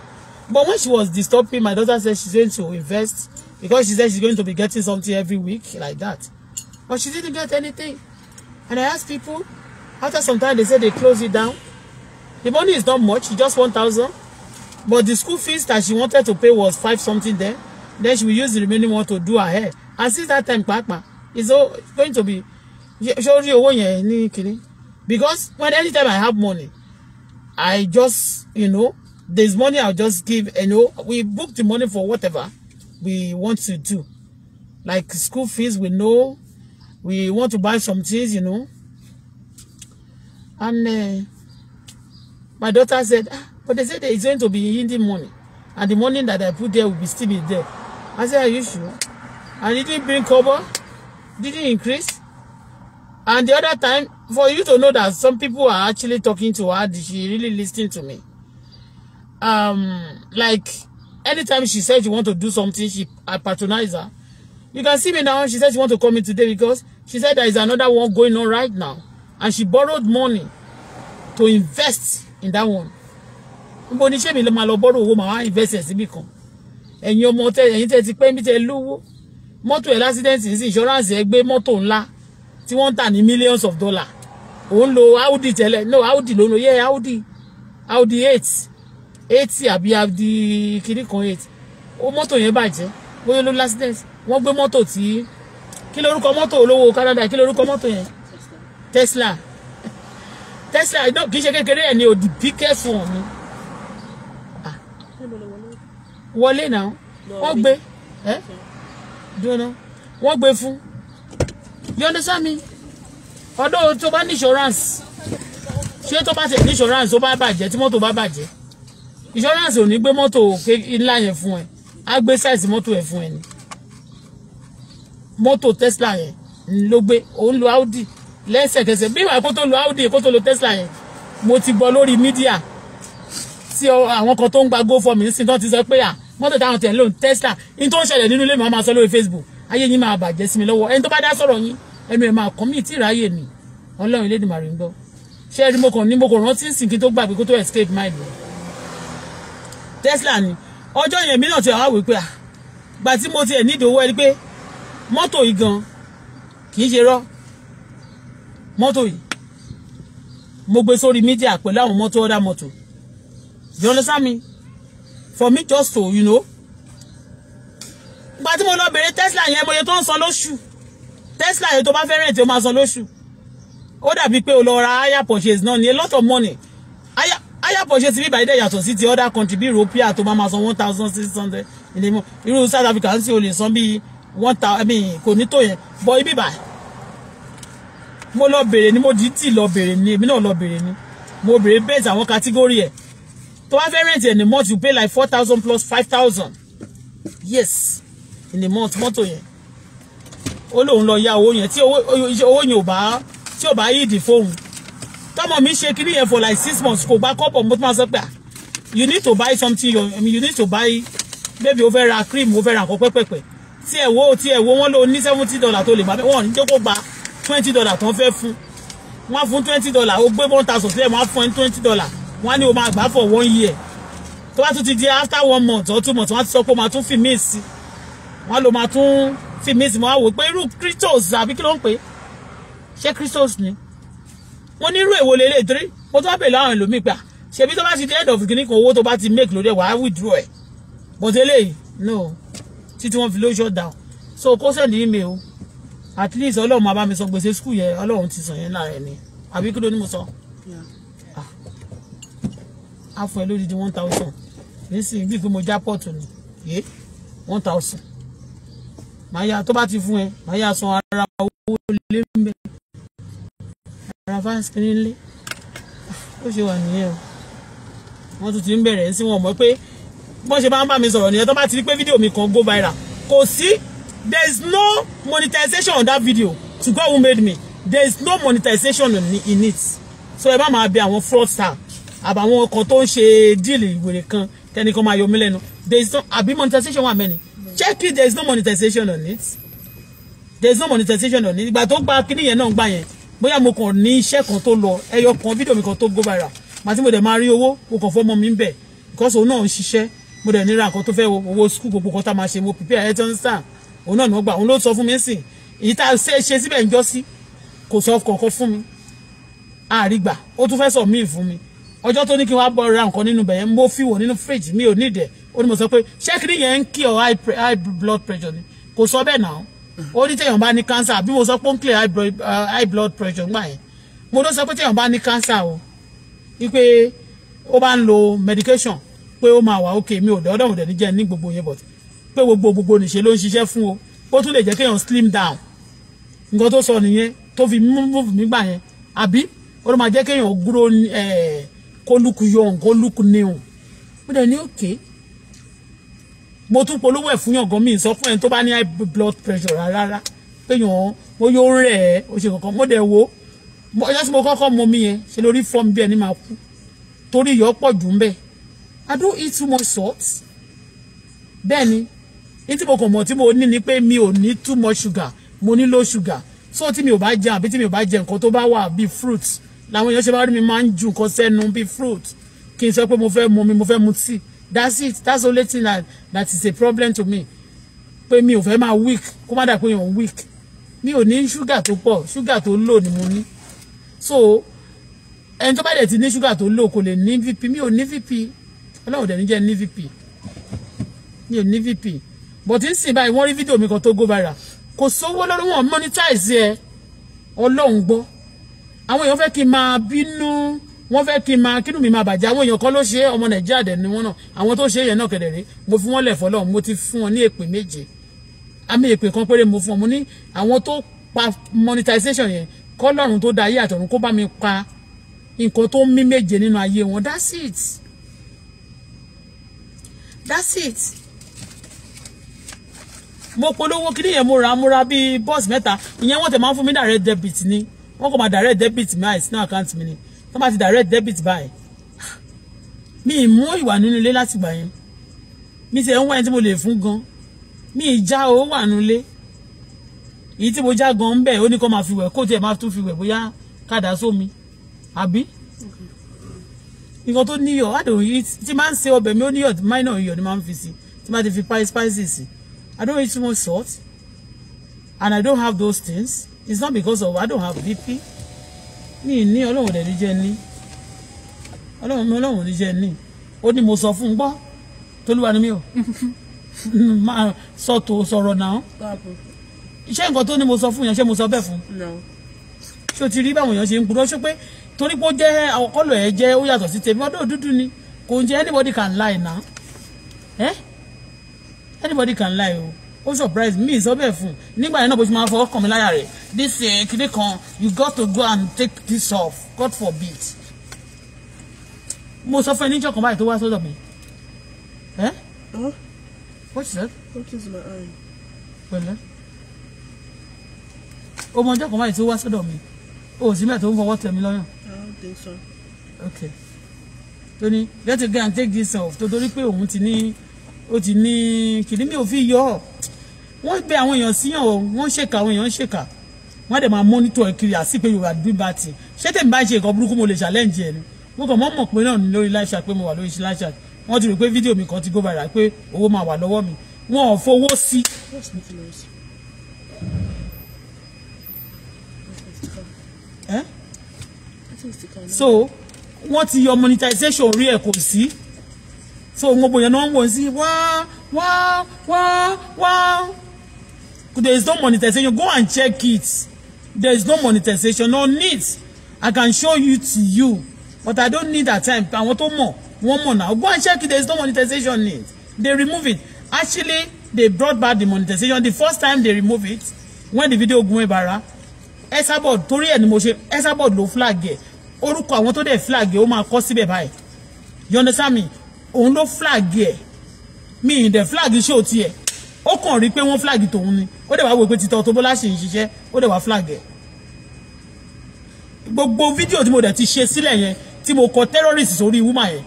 but when she was disturbing my daughter say she say she will invest because she said she's going to be getting something every week like that. But she didn't get anything. And I asked people, after some time, they said they closed it down. The money is not much, just one thousand. But the school fees that she wanted to pay was five something there. Then she will use the remaining one to do her hair. And since that time, Papa is going to be because when anytime I have money, I just, you know, there's money I'll just give, you know, we book the money for whatever we want to do. Like school fees, we know. We want to buy some things, you know. And uh, my daughter said, ah, but they said it's going to be in the morning. And the money that I put there will be still be there. I said, are you sure? And it didn't bring cover, didn't increase. And the other time, for you to know that some people are actually talking to her, she really listening to me. Um, like anytime she says she want to do something, she I patronize her. You can see me now. She says she want to come in today because she said there is another one going on right now. And she borrowed money to invest in that one. Mo ní ṣé mi ló máa lọ borrow owó màá invest ẹ̀ síbì kan. Ẹ̀yin ọmọ tẹ ẹ̀yin tẹ ti pẹ́ mi tẹ lówó. Mọ́tò ẹ̀ insurance ẹ gbé nla, ńlá tí wọ́n millions of dollars. Òun lo Audi tẹ́lẹ̀ no Audi ló ń lo Audi Audi eight eighty àbí abdi kiri kan eight ó mọ́tò yẹn bàjẹ́ bóyá ló accident wọ́n gbé mọ́tò tí kí lórúkọ mọ́tò olówó Canada kí lórúkọ mọ́tò yẹn Tesla Tesla no kì í ṣe kékeré ẹ̀ ní o the biggest one ni ah. wọlé náà wọ́n gbé ẹ́ dúró wọ́n gbé fún you understand me ọdún tó bá ní insurance ṣé tó bá tẹ̀ ní insurance tó bá bàjẹ́ tí mọ́tò bá bàjẹ́ insurance ò ní gbé mọ́tò ńlá yẹn fún ẹ á gbé size mọ́tò ẹ fún ẹ ni mọ́tò tesla yẹn ló gbé òun lo audi lẹ́sẹ̀kẹsẹ̀ bí ìwà kó tó lo audi kó tó lo tesla yẹn mo ti gbọ́ lórí mídíà tí àwọn kan tó ń gba go for me nísìnyí tó ti sọ pé à mọ́tò táwọn tẹ̀ ló ń tesla ní tó ń ṣẹlẹ̀ nínú ilé mi wọ́n máa sọ lórí facebook ayé yín máa bàjẹ́ sí mi lọ́wọ́ ẹni tó bá dá sọ̀rọ̀ yín ẹnu ẹ̀ máa kọ́ mí tí ìráyè mi ọlọ́run ilé ìdìmọ̀ rẹ̀ ń gbọ́ ṣé ẹni mo kàn ní mo kàn rántí ìsìnkí tó gbàgbé kó tó escape mind mi tesla ni ọjọ́ yẹn mi náà ti wá wípé ah, à gba tí mo tiẹ̀ nídìí owó ẹni pé mọ́tò yìí gan kì í ṣe rọ́ mọ́tò yìí mo gbé sórí mídíà pẹ̀lú àwọn mọ́tò ọ̀dà mọ́tò you understand me for me just to you know gba tí mo lọ bèrè tesla yẹn mo yẹ tó ń san lóṣù tesla yẹn tó bá fẹ́ rẹ̀ tí ó máa san lóṣù ó dàbí pé o lọ ra higher purchase náà ni a lot of money bóyá kò ṣe ti bíbá ìdẹ́ yàtọ̀ sí ti other country bí Europe tó máa san one thousand six hundred ìlẹ́mọ̀ irú South Africa ń sì o lè san bíi one thousand kò ní tó yẹn bọ́ ibi bá mo lọ bèrè ni mo dìídì lọ bèrè ni èmi náà lọ bèrè ni mo bèrè bẹ́ẹ̀sì àwọn category. ẹ̀ tó bá fẹ́ rẹ̀ntì ẹ̀ ní month you pay like four thousand plus five thousand yes in a month mọ́tò yẹn ó lóun lọ ya owó yẹn tí owó yẹn ò bá tí ò bá yíìdì fóun Come tọ́mọ mi ṣe me here for like six months Go back up mo tún máa sọ pé ah, you need to buy something your, I mean, you need to buy baby over a cream over a. ra nǹkan pẹ́pẹ́pẹ́ tí ẹ̀ wo tí ẹ̀ wo wọ́n seventy dollars only. lè gbà wọ́n ní jókòó twenty dollars. tó ń fẹ́ fún wọ́n twenty dollars. o gbé one thousand sílẹ̀ wọ́n twenty dollars. One you ní o for one year tó bá tún ti after one month or two months wọ́n á come out pé o máa tún fi mí sí wọ́n á lò máa tún fi christos àbí kí ló ń Check christos me wọ́n nírú èwo lélẹ̀ torí mo tó wá pè láwọn ẹlòmíì pé ṣebí tó bá ti di end of kìnnìkan owó tó bá ti make lórí ẹ̀ wàá withdraw ẹ̀ but eléyìí no títí wọ́n fi ló shut down so kó send email at least ọlọ́run máa bá mi sọ gbèsè school yẹn ọlọ́run ti sàn yẹn láàrin ni àbí kí ló ní mo sọ á ah. fún ẹ lórí di one thousand nísìnyí bíi pé mo já pọ́ọ̀tù ni one thousand màá yá tó bá ti fún ẹ màá yá san ara owó lé mbẹ ara fáǹsì ó ṣe wà nìyẹn o wọ́n tún ti ń bẹ̀rẹ̀ sí wọn mọ̀ pé wọ́n ṣe máa ń bá mi sọ̀rọ̀ nìyẹn tó bá ti rí pé fídíò mi kan go viral kò sí there is no monetization on that video to God who made me there is no monetization in it so ẹ bá máa bẹ àwọn fraudster àbàwọn ọkọ̀ tó ń ṣe díìlì ìwèrè kan kẹ́nìkan máa yọ mí lẹ́nu there is no àbí monetization wà mẹ́ni check it there is no monetization on it there is no monetization on it ìgbà tó gba kíní náà gbà yẹn bóyá mo kàn ní iṣẹ́ kan tó lọ ẹyọ kan fídíò mi kan tó go viral màá tí mo dẹ̀ máa rí owó mo kàn fọ́ ọmọ mi ń bẹ̀ because òun náà ń ṣiṣẹ́ mo dẹ̀ níra nǹkan tó fẹ́ owó school gbogbo kan tá máa ṣe mo prepare ẹ̀ tó ń sàn òun náà ni wọ́n gbà òun ló sọ fún mi sìn èyí tá a ṣe síbẹ̀ ń jọ́ sí kò sọ kọ̀ọ̀kan fún mi àrígbà ó tún fẹ́ sọ míì fún mi ọjọ́ tó ní kí n wá bọ́ ra nǹkan nínú bẹ̀yẹn mo fi wò nínú fíríjì mi ò ní ìdẹ̀ ó ní mo sọ pé ṣé kí nìyẹn ń kí ọ high blood pressure ni kò sọ bẹ́ẹ̀ náà ó ní téèyàn bá ní cancer àbí mo sọ pé ó ń clear high uh, blood pressure gbà yẹn mo ló sọ pé téèyàn bá ní cancer o wípé ó bá ń lo medication pé ó máa wà ókè mi ò dọ́dọ̀ òdẹ̀ ní jẹ́ ní gbogbo yẹn bọ̀ pé gbogbo gbogbo nìṣe ló ń ṣiṣẹ́ fún o ó tún lè jẹ́ kéèyàn slim down nǹkan tó sọ nìyẹn tó fi move mi gbà yẹn àbí ó ló máa jẹ́ kéèyàn grow eh, kó look young kó look new ó dẹ̀ ní òkè. Okay mo tún polówó ẹ̀ fún yàngàn mi sọ fún ẹni tó bá ní high blood pressure rárá pé yàn mo yóò rẹ̀ ẹ́ o ṣe kankan mo dẹ̀ wo ọjọ́ tí mo kọ́kọ́ mọ mi yẹn ṣe lórí fọ́ mi bí ẹni máa kú torí iyọ̀ pọ̀ jù ń bẹ̀ I don't eat too much salt bẹ́ẹ̀ ni ní tí mo kàn mọ̀ tí mo ní ni pé mi ò ní too much sugar mo ní low sugar so tí mi ò bá jẹ àbí tí mi ò bá jẹ nǹkan tó bá wà bíi fruit làwọn èèyàn ṣe bá rí mi máa ń ju nǹkan sẹ́nu bíi fruit kí n sọ pé mo fẹ́ mu mi mo fẹ́ mu tíì that's it that's the only thing that that is a problem to me pé mi ò fẹ́ máa weak kó má dà pé èèyàn weak mi ò ní ṣúgà tó pọ̀ ṣúgà tó lò ni mo ní so ẹni tó bá dẹ̀ ti ní ṣúgà tó lò kò lè ní vp mi ò ní vp ọlọ́run dẹ̀ ní jẹ́ ní vp mi ò ní vp but n sìn báyìí wọ́n rí fídíò mi kan tó go viral kò sówó lórí wọn monetize ẹ ọlọ́run gbọ́ àwọn èèyàn fẹ́ kí n máa bínú wọ́n fẹ́ kí n máa kínú mi máa bàjẹ́ àwọn èèyàn kan ló ṣe é ọmọ nàìjíríà dẹ̀ ni wọ́n náà àwọn tó ṣe é yẹn náà kẹ̀dẹ̀ rèé mo fi wọ́n lẹ̀ fọlọ́ mo ti fún wọn ní èpè méje àmì èpè kan péré mo fún wọn mo ní àwọn tó pa monetization yẹn kọ́lọ́run tó da ayé àtọ̀run kó bá mi pa nǹkan tó mí méje nínú ayé wọn that's it that's it mo polówó ni yẹn mo ra mo ra bíi bọ́ọ̀sì mẹ́ta ìyẹn wọ́n tẹ̀ máa ń fún mi direct debit ni wọ́n kò máa direct debit mi àìsínú àkáǹtì mi ni tó bá ti direct debit báyìí mi ì mú ìwà nínú ilé láti gbà yẹn mi ti ń wá ẹni tí mo lè fún gan mi ì já owó wà nínú ilé èyí tí mo já gan ń bẹ̀ ó ní kó máa fi wẹ̀ kó tiẹ̀ máa tún fi wẹ̀ bóyá kádà sómi àbí nǹkan tó níyọ̀ I don't eat tí máa ń ṣe ọbẹ̀ mi ó níyọ̀ minor iyọ̀ ni máa ń fi sí tí máa ti fi spices sí I don't eat too much salt and I don't have those things it's not because of I don't have BP ní ìní ọlọ́run dẹ̀ ní jẹ́ ní ọlọ́run mi ọlọ́run ní jẹ́ ní ó ní mo sọ fún un gbọ́ tolúwa ni mí o máa sọ tó sọ̀rọ̀ náà iṣẹ́ nǹkan tó ní mo sọ fún yẹn ṣé mo sọ bẹ́ẹ̀ fún ṣé o ti rí báwọn èèyàn ṣe ń gbúdọ̀ ṣé pé torí pé ó jẹ́ ọkọlọ̀ ẹ̀ jẹ́ ó yàtọ̀ sí tèmi ọdún òdúdú ni kò ń jẹ́ anybody can lie now eh anybody can lie o. ó surprise me sọ bẹ́ẹ̀ fún nígbà yẹn náà bó ṣe máa fọwọ́ kàn mí láyà rẹ̀ this eh, kìnní kan you got to go and take this off God forbid mo sọ fún ẹ níjọ́ kan báyìí tó wá sọ́dọ̀ mi ẹ. what is that. what is my eye. pẹ̀lẹ́ ọmọ ọjọ́ kan báyìí tó wá sọ́dọ̀ mi o sì mẹ́ẹ̀ tó ń fọwọ́ tẹ̀ mí lọ́yàn. I don't think so. okay. tó ní get a gun take this off tó torí pé òun ti ní ó ti ní kìnní mi yọ ọ wọ́n pe àwọn èèyàn síyàn o wọ́n ṣèkà àwọn èèyàn ṣèkà wọ́n á máa mọ́nítọ̀ ẹ̀ kiri àti pé yorùbá dùn bá ti ṣé tèmi bá ṣe nǹkan burúkú mo lè challenge ẹ̀ ni mo kàn mọ́ mọ̀ pé náà lórí láṣà pé mo wà lórí láṣà wọ́n ti rò pé fídíò mi kan ti go viral pé owó máa wà lọ́wọ́ mi wọn ò fowó sí. so wọ́n ti yọ monetization orí ẹ̀ kò sí so òun gbogbo yẹn náà ń wò wow wow wow wá there is no monetization go and check it there is no monetization no need i can show you to you but i don't need that time àwọn tó more one more now go and check it there is no monetization need they remove it actually they brought back the monetization the first time they remove it when the video gun ibara esabod torí ẹ̀ ni mo ṣe esabod lo flag ẹ̀ orúkọ àwọn tó dẹ̀ flag ẹ̀ ó máa kọ síbẹ̀ báyìí you understand me òun ló flag ẹ̀ mi ì dẹ̀ flag show tiẹ̀ ó kàn rí pé wọ́n flag tòun ni ó dẹ̀ wá wò pé títọ́ tó bọ́lá ń ṣiṣẹ́ ó dẹ̀ wá flag ẹ̀ gbogbo fídíò tí mo dẹ̀ ti ṣe sílẹ̀ yẹn tí mo kọ terrorist sórí woman yẹn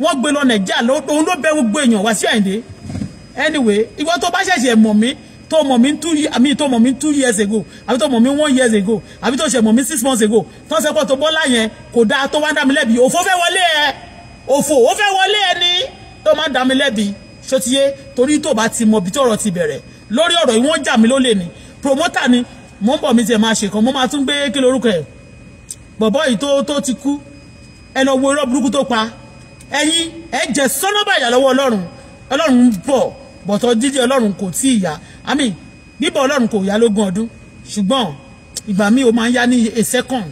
wọ́n gbé lọ nàìjíríà òun ló bẹ gbogbo èèyàn wá sí àyíndé anyway ìwọ tó bá ṣẹ̀ṣẹ̀ mọ̀ mí tó mọ̀ mí two àmì tó mọ̀ mí two years ago àbí tó mọ̀ mí one years ago àbí tó ṣẹ̀ mọ̀ mí six months ago tó ń sẹ́kọ̀ tó bọ́lá yẹn kò dáa tó wá dá mi lẹ́bi òfófẹ́ wọlé ẹ̀ Ofo ó fẹ́ wọlé ẹni tó máa ń dá mi lẹ́bi ṣó ti yé torí tó ti mọ ibi tí ọ̀rọ̀ ti bẹ̀rẹ̀ lórí ọ̀rọ̀ yìí wọ́n jà mí lólè ni promoter ni mo ń bọ̀ mi tiẹ̀ máa ṣe kan mo máa tún gbé kí lorúkọ ẹ̀ bọ̀bọ̀ yìí tó tó ti kú ẹ lọ wo irọ́ burúkú tó pa ẹ̀yin ẹ jẹ́ sọ́nàbàyà lọ́wọ́ ọlọ́run ọlọ́run ń bọ̀ bọ̀tọ̀ dídí ọlọ́run kò tí ì yá àmì bíbọ̀ ọlọ́run kò yá lógún ọdún ṣùgbọ́n ìgbà míì ó máa ń yá ní a second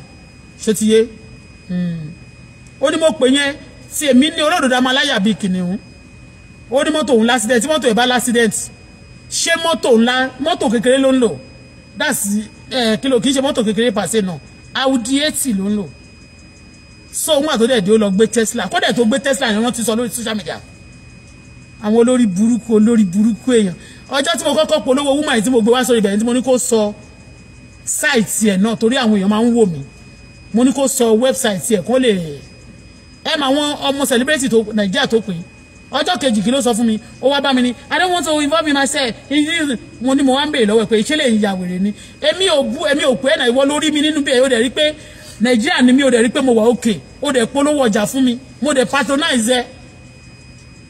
ṣó ti yé hmm. ó ní mo pè yẹn sí èmi ní olódodo amáláyà bíi kìnìún ó ní mọ́tò òun lásìdẹ̀ntì mọ́tò ẹ̀ bá lásìdẹ̀ntì ṣé mọ́tò ńlá mọ́tò kékeré ló ń lò that's kìlò kì ṣe mọ́tò kékeré pàṣẹ náà audi eighty ló ń lò so wọn àtọ́dẹ̀ dé ó lọ gbé tesla kọ́dẹ̀ tó gbé tesla ni wọ́n ti sọ lórí social media àwọn olórí burúkú olórí burúkú èèyàn ọjọ́ tí mo kọ́kọ́ polówó woman yìí tí mo gbé wá sórí ibẹ̀ tí mo ní kó sọ sáìtì ẹ̀ náà torí àwọn èèyàn máa ń wò mí mo ní kó sọ wẹ́bsáìtì ẹ̀ kó lè ẹ mà wọn ọmọ celebrity tó nàìjíríà tó pin ọjọ́ kejì kí ló sọ fún mi ó wá bá mi ní i don't want to involve myself mo ní mo wá ń béèrè lọ́wọ́ ẹ̀ pé iṣẹ́ lè ya wèrè ni èmi ò bú èmi ò pé ẹ̀nà ìwọ lórí mi nínú bẹ́ẹ̀ ó dẹ̀ rí pé nàìjíríà ni mi ò dẹ̀ rí pé mo wà òkè ó dẹ̀ polówó ọjà fún mi mo dẹ̀ patronize ẹ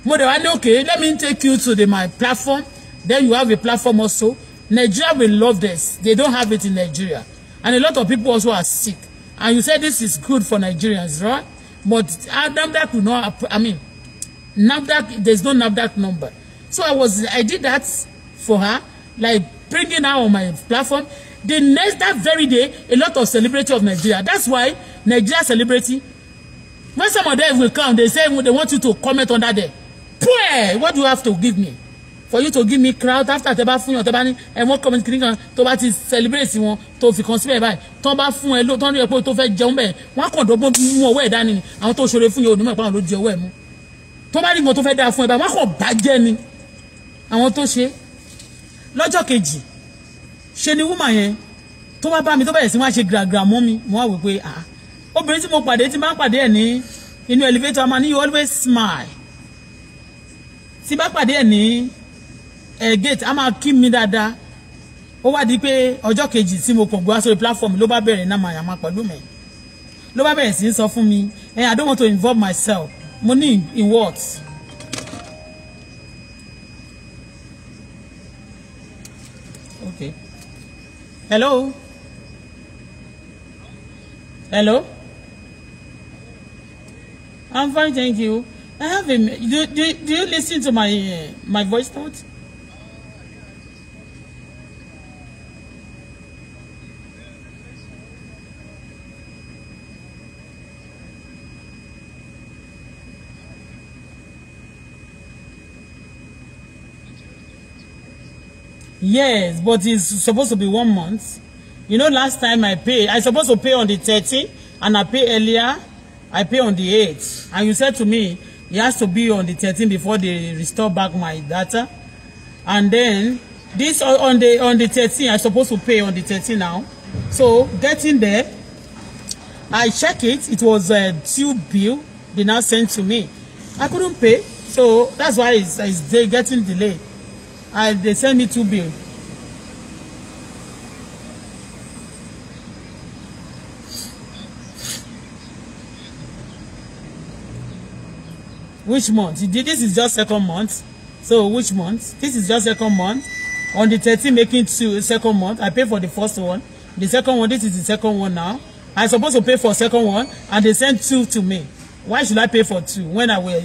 mo dẹ̀ wá ní òkè let me take you to the, my platform then you have a platform also Nigeria will love this they don't have it in Nigeria and a lot of people also are sick and you say this is good for Nigerians right But uh, NAFDAC will not, I mean, NAFDAC, there's no NAFDAC number. So I was, I did that for her, like bringing her on my platform. The next, that very day, a lot of celebrity of Nigeria. That's why Nigeria celebrity, when some of them will come, they say they want you to comment on that day. Pwah! What do you have to give me? for you to give me crowd after tẹ bá fún yàn tẹ bá ní ẹ wọ́n comment kiri kan tó bá ti celebrate wọn tó fi kan síbẹ̀ báyìí tán bá fún ẹ ló tán rí ẹ pé tó fẹ́ jẹun bẹ́ẹ̀ wọ́n á kàn dọ́gbọ́n mú ọwọ́ ẹ̀ dání ni àwọn tó ṣoore fún yàn onímọ̀ ìpamọ́ ló di ọwọ́ ẹ̀ mú tó bá rí nǹkan tó fẹ́ dáa fún ẹ báyìí wọ́n á kàn bàjẹ́ ni àwọn tó ṣe lọ́jọ́ kejì ṣe ni woman yẹn tó bá bá mi tó bẹ̀rẹ̀ sí wá ṣe gíragíra mọ́ mi mo wá wò pé ah obìnrin tí mo pàdé tí máa ń pàdé ẹ̀ ní elevator a máa you always smile tí bá pàdé ẹ̀ ní Eh, gate a máa kí mi dáadáa ó wá di pé ọjọ́ kejì tí mo kàn gbé sórí platform ló bá bẹ̀rẹ̀ náà màá yàmá pẹ̀lú mi ló bá bẹ̀rẹ̀ sí í sọ fún mi eh, I don't want to involve myself mo ní in what. Okay. Hello? Hello? I'm fine, thank you. I have a. Do, do, do you listen to my uh, my voice note? Yes, but it's supposed to be one month. You know, last time I pay, I supposed to pay on the 30, and I pay earlier. I pay on the 8th. And you said to me, it has to be on the 13 before they restore back my data. And then, this on the on the 13 I supposed to pay on the 13 now. So, getting there, I check it. It was a uh, due bill they now sent to me. I couldn't pay. So, that's why it's, it's getting delayed. I they send me two bill which month this is just second month so which month this is just second month on the 13 making two second month i pay for the first one the second one this is the second one now i supposed to pay for second one and they send two to me why should i pay for two when i will?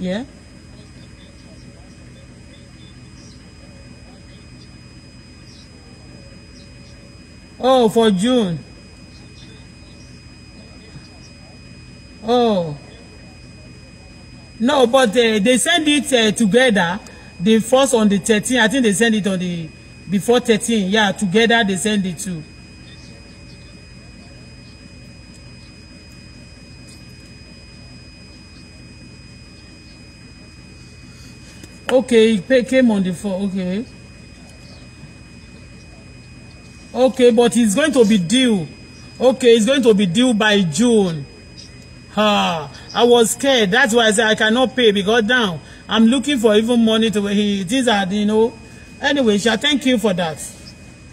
yeah Oh, for June. Oh. No, but uh, they send it uh, together. The first on the 13, I think they send it on the before 13. Yeah, together they send it too. Okay, it came on the 4. Okay. Okay, but it's going to be due. Okay, it's going to be due by June. Ah, I was scared. That's why I said I cannot pay because now I'm looking for even money to he things are you know. Anyway, Sha, thank you for that.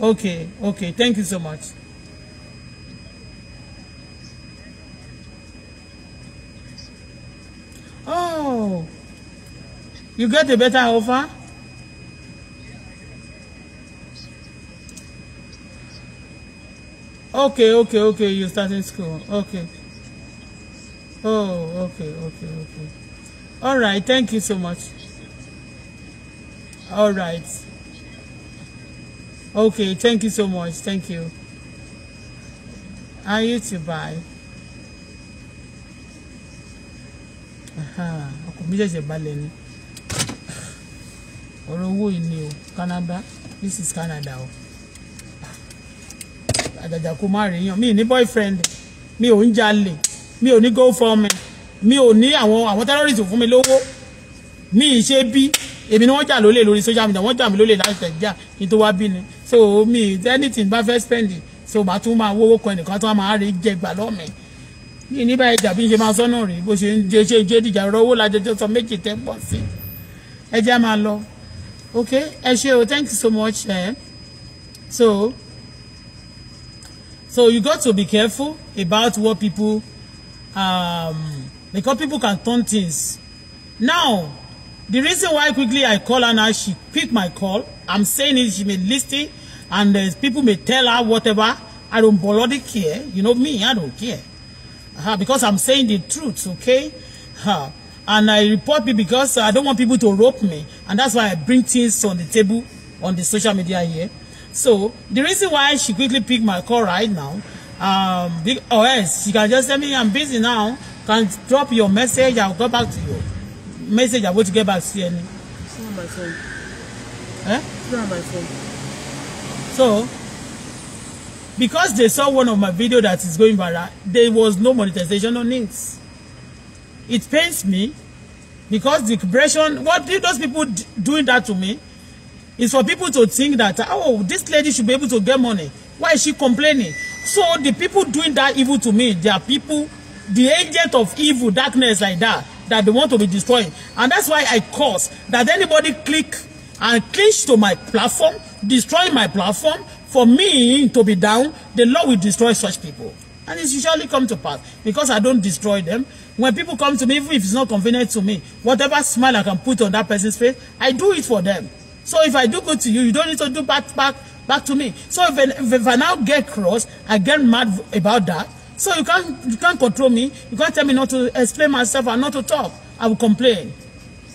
Okay, okay, thank you so much. Oh, you got a better offer? Okay, okay, okay. You're starting school. Okay. Oh, okay, okay, okay. All right. Thank you so much. All right. Okay. Thank you so much. Thank you. Are you to buy? Ọkọ̀ mi ṣẹ̀ṣẹ̀ balẹ̀ ni. Ọ̀rọ̀ owó yìí ni o, Canada. This is Canada o. Oh àjàjà kó má rí yàn mi ní boyfriend mi ò ń jalè mi ò ní go for me mi ò ní àwọn àwọn terrorist fún mi lówó mi ì ṣe bí èmi ni wọ́n jà lólè lórí social media wọ́n jà mí lólè láti nàìjíríà kí n tó wá bí ni so mi anything bá fẹ́ spend so màá tún máa wówó kan ẹnìkan tó máa rí jẹ gbà lọ́mẹ̀ẹ́ ní ní báyìí dàbí ṣe máa sọ́nà rèé bó ṣe ń jẹ ṣe jẹ́ ìdìjà rọwọ́ lájọjọ́ sọ méjì tẹ́ pọ̀ sí ẹ jẹ́ máa lọ ok ẹ ṣe o thank you so much eh. so So you got to be careful about what people, um, because people can turn things. Now, the reason why quickly I call her now, she pick my call. I'm saying it, she may listen, and uh, people may tell her whatever. I don't bloody care. You know me, I don't care. Uh, because I'm saying the truth, okay? Uh, and I report me because I don't want people to rope me. And that's why I bring things on the table on the social media here. So the reason why she quickly picked my call right now, um, or else she can just tell me I'm busy now. Can drop your message. I'll go back to you. Message I want to get back to you. It's not my phone. Eh? It's not my phone. So because they saw one of my video that is going viral, there was no monetization on it. It pains me because the depression, what did those people doing that to me, It's for people to think that, oh, this lady should be able to get money. Why is she complaining? So the people doing that evil to me, they are people, the agent of evil, darkness like that, that they want to be destroying. And that's why I cause that anybody click and cling to my platform, destroy my platform, for me to be down, the Lord will destroy such people. And it usually come to pass because I don't destroy them. When people come to me, even if it's not convenient to me, whatever smile I can put on that person's face, I do it for them. So if I do good to you, you don't need to do back back back to me. So if, if, if I now get cross, I get mad about that. So you can't you can't control me. You can't tell me not to explain myself and not to talk. I will complain.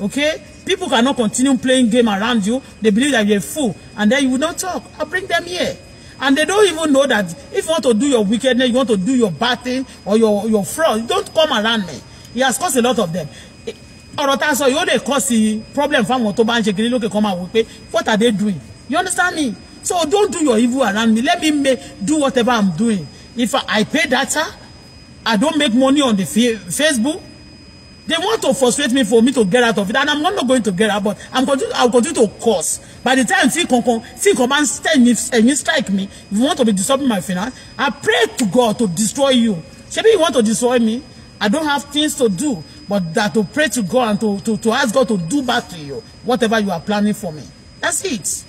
Okay? People cannot continue playing game around you. They believe that you're a fool, and then you will not talk. I bring them here. And they don't even know that if you want to do your wickedness, you want to do your bad thing or your, your fraud, don't come around me. He has caused a lot of them ọ̀rọ̀ tá a sọ yóò lè cause problem fáwọn tó bá ń ṣe kiri lókè kan máa wò pé what are they doing you understand me so don't do your evil around me let me make, do whatever i'm doing if i, I pay data i don't make money on the facebook they want to frustrate me for me to get out of it and i'm not going to get out but i'm continue i'll continue to curse by the time see kankan see command stay me and you strike me if you want to be disturbing my finance i pray to god to destroy you shebi you want to destroy me i don't have things to do but that to pray to God and to, to, to ask God to do back to you whatever you are planning for me. That's it.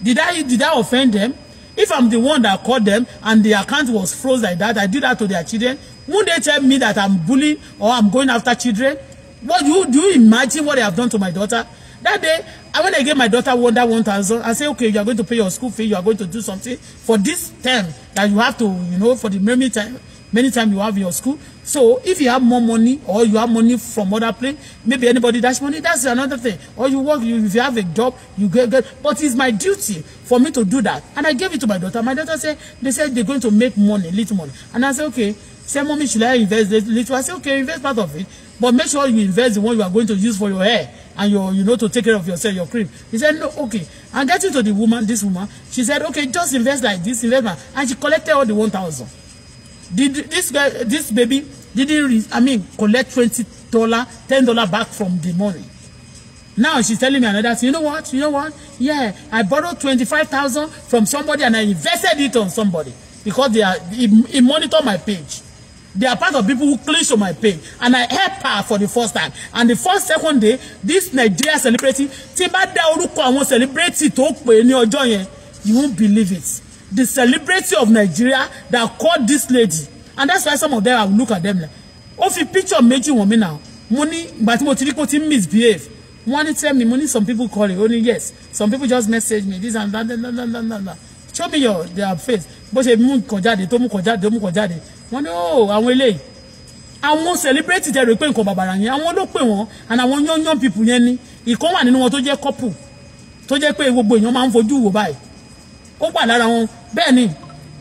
Did I did I offend them? If I'm the one that called them and the account was froze like that, I did that to their children, won't they tell me that I'm bullying or I'm going after children? What do you, do you imagine what they have done to my daughter? That day, I when I gave my daughter won that one thousand, I say, okay, you are going to pay your school fee, you are going to do something for this term that you have to, you know, for the memory time many times you have in your school so if you have more money or you have money from other place maybe anybody dash money that's another thing or you work you if you have a job you get get but it's my duty for me to do that and I gave it to my daughter my daughter say they said they're going to make money little money and I say okay say mommy should I invest little I say okay invest part of it but make sure you invest the one you are going to use for your hair and your you know to take care of yourself your cream he said no okay and getting to the woman this woman she said okay just invest like this investment and she collected all the one thousand did this guy this baby didn't re I mean collect twenty dollar ten dollar back from the money now she's telling me another thing you know what you know what yeah I borrowed twenty-five thousand from somebody and I invested it on somebody because they are he, he monitor my page they are part of people who cling to my page and I help her for the first time and the first second day this Nigeria celebrity tí bá dá orúkọ àwọn celebrity tó pè é ní ọjọ́ yẹn you won't believe it the celebrity of Nigeria that called this lady and that's why some of them I look at them like ó fi picture méjì wọ̀n mi now money, but ìgbà tí mo ti misbehave wọ́n ní tell me money? some people call it ó yes some people just message me this and that that that that that that show me your their face bó ṣe mú nǹkan jáde tó mú nǹkan jáde tó mú nǹkan I'm wọ́n ní oh àwọn eléyìí àwọn celebrity tẹ̀ rè pé nǹkan bàbàrà yẹn àwọn ló pè wọ́n and àwọn young young people yẹn ni ìkan wà nínú want to get couple tó jẹ́ pé gbogbo èèyàn man for you, wò báyìí ó wà lára wọn bẹ́ẹ̀ ni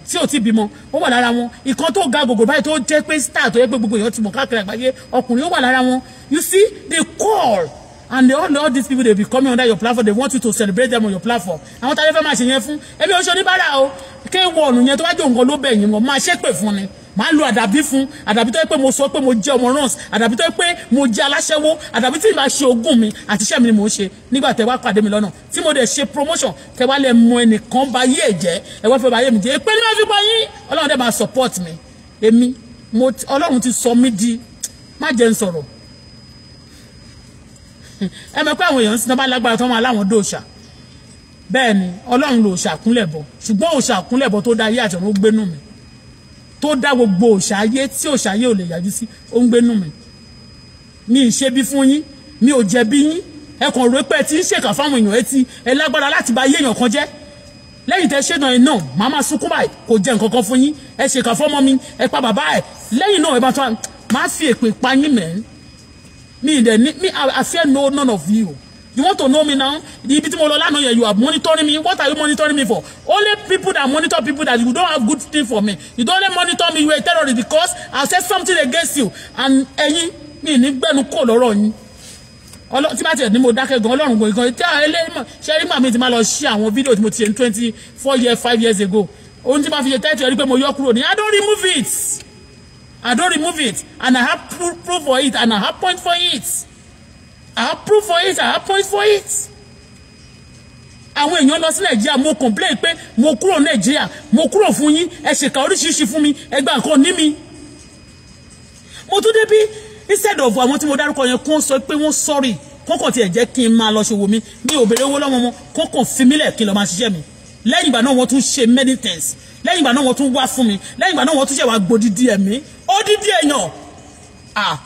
tí ò ti bímọ ó wà lára wọn ìkan tó ga gògò báyìí tó jẹ́ pé star tó yẹ pé gbogbo èèyàn ti mọ̀ káàkiri àgbáyé ọkùnrin ó wà lára wọn you see they call and they, all all these people dey be coming under your platform they want you to celebrate them on your platform àwọn tá a lè fẹ́ máa ṣe yẹn fún ẹbí oṣù oníbàárà o kéwọ̀ọ̀nù yẹn tó wájú òǹkan ló bẹ̀yìn wọn máa ṣépè fún ni màá lo àdàbí fún àdàbí tó yẹ pé mo sọ pé mo jẹ́ ọmọ rance àdàbí tó yẹ pé mo jẹ́ aláṣẹ́wó àdàbí tí màá ṣe ogún mi àti iṣẹ́ mi ni mò ń ṣe nígbà tẹ wá pàdé mi lọ́nà tí mo dẹ̀ ṣe promotion tẹ wá lẹ mọ ẹnìkan bá yé ẹ̀jẹ̀ ẹ wá fẹ́ bá yé mi jẹ́ èpè ni máa fi pa yín ọlọ́run dẹ̀ máa support mi èmi mo ọlọ́run ti sọ mí di má jẹ́ n sọ̀rọ̀ ẹ mọ̀ pé àwọn èèyàn ń sin tán bá lágbára tán máa láwọn dòòṣà bẹ́ẹ̀ ni ọlọ́run lòòṣà kúnlẹ̀ bọ̀ ṣùgbọ́n òòṣà kúnlẹ̀ bọ̀ tó dá ayé àtọ̀run ó gbénú mi tó dá gbogbo òṣàyé tí òṣàyé ò lè yájú sí ó ń gbénú mi mi ì ṣe bí fún yín mi ò jẹ̀bi yín ẹ kàn rò pé ẹ ti ń ṣèkà fáwọn èèyàn etí ẹ lágbára láti bá yé èèyàn kan jẹ́ lẹ́yìn tẹ́ ṣe náà ẹ náà màá sunkún báyìí kò jẹ́ nǹkan kan fún yín ẹ ṣèkà fọ́mọ mi ẹ pa bàbá ẹ lẹ́yìn náà ẹ bá tó máa fi èpè pa yín mẹ́rin mi ì dẹ̀ mi I fear no none of you you want to know me now ibi tí mo lọ lánàá yẹn you are monitoring me what are you monitoring me for only people that monitor people that you don't have good thing for me you don't let monitor me you are a terrorist because I said something against you and ẹ̀yin mi ní gbẹ́nu kò lọ́rọ̀ yín tí bá tiẹ̀ ní mo dákẹ́ gan ọlọ́run gan gan tí a ẹlẹ́mọ̀ ṣẹ́rí màmí ti máa lọ ṣí àwọn fídíò tí mo ti ṣe twenty four years five years ago ohun tí máa fi tell you. ẹ̀rí mo yọ kúrò ní I don't remove it I don't remove it and I have proof for it and I have point for it. I approve for it I appoint for it àwọn èèyàn lọ sí nàìjíríà mo complain pé mo kúrò nàìjíríà mo kúrò fún yín ẹ ṣèkà oríṣiríṣi fún mi ẹ gba nǹkan ní mi mo tún débí instead of àwọn tí mo dárúkọ yẹn kó sọ pé wọ́n sorry kọ́kàn tiẹ̀ jẹ́ kí n máa lọ ṣòwò mi ní òbèrè owó lọ́wọ́ wọn kọ́kàn fi mílẹ̀ kí n lọ máa ṣiṣẹ́ mi lẹ́yìn ìgbà náà wọ́n tún ṣe many things lẹ́yìn ìgbà náà wọ́n tún wá fún mi lẹ́yìn ìgbà náà wọ́n tún ṣe wá gbòdìdí ẹ̀mí ó dídí Ah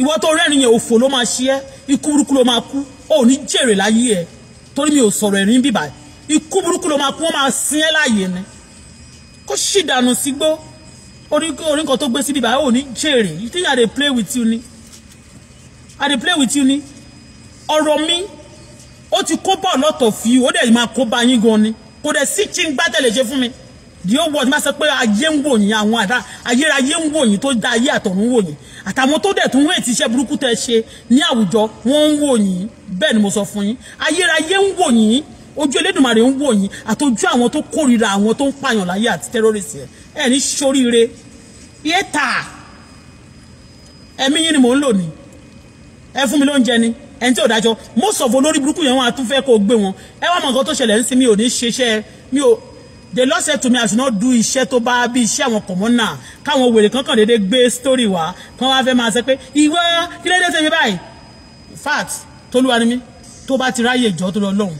ìwọ tó rẹ́rìn yẹn òfò ló máa ṣe ẹ́ ikú burúkú ló máa kú ó ní jèrè láyé ẹ̀ torí mi ò sọ̀rọ̀ ẹ̀rín bíbá ikú burúkú ló máa kú wọ́n máa sin ẹ́ láàyè ni kó ṣì dànù sígbó orí nǹkan tó gbé sí bíbá ó ní jèrè you think I dey play with you ni I dey play with you ni ọ̀rọ̀ mi ó ti kó bọ̀ lọ́tọ̀ fi ó dẹ̀ máa kó ba yín gan ni kò dẹ̀ sí kí n gbá tẹ̀lé ṣe fún mi the old world máa sọ pé ayé ń wò yín àwọn àdá ayérayé ń wò yín tó dá ayé àtọ̀run wò yín àtàwọn tó dẹ̀ tún hẹ́ẹ̀ tí iṣẹ́ burúkú tẹ́ ṣe ní àwùjọ wọ́n ń wò yín bẹ́ẹ̀ ni mo sọ fún yín ayérayé ń wò yín ojú elédùnmarè ń wò yín àtòjú àwọn tó kórìíra àwọn tó ń pààyàn láyé àti tẹ́rọ́rìsì ẹ̀ ẹ̀ ní ṣoríire yé tà ẹ̀mí yín ni mò ń lò ní ẹ fún mi lóúnjẹ ni ẹni tí ò dájọ́ mo sọ̀fọ̀ lórí burúkú yẹn wọn àtúnfẹ́ kó gbé wọn ẹ wá mọ̀ nǹkan tó ṣẹlẹ̀ ń sin mi ò ní ṣeṣẹ́ mi ò the Lord said to me I should not do iṣẹ́ tó bá bí iṣẹ́ àwọn kọ̀mọ́nà káwọn wèrè kankan dédé gbé story wa kán wá fẹ́ máa sọ pé ìwọ kí ló dé ṣe mi báyìí fact tolúwa ni mí tó bá ti ráyè ìjọ tó lọ lọ́hùn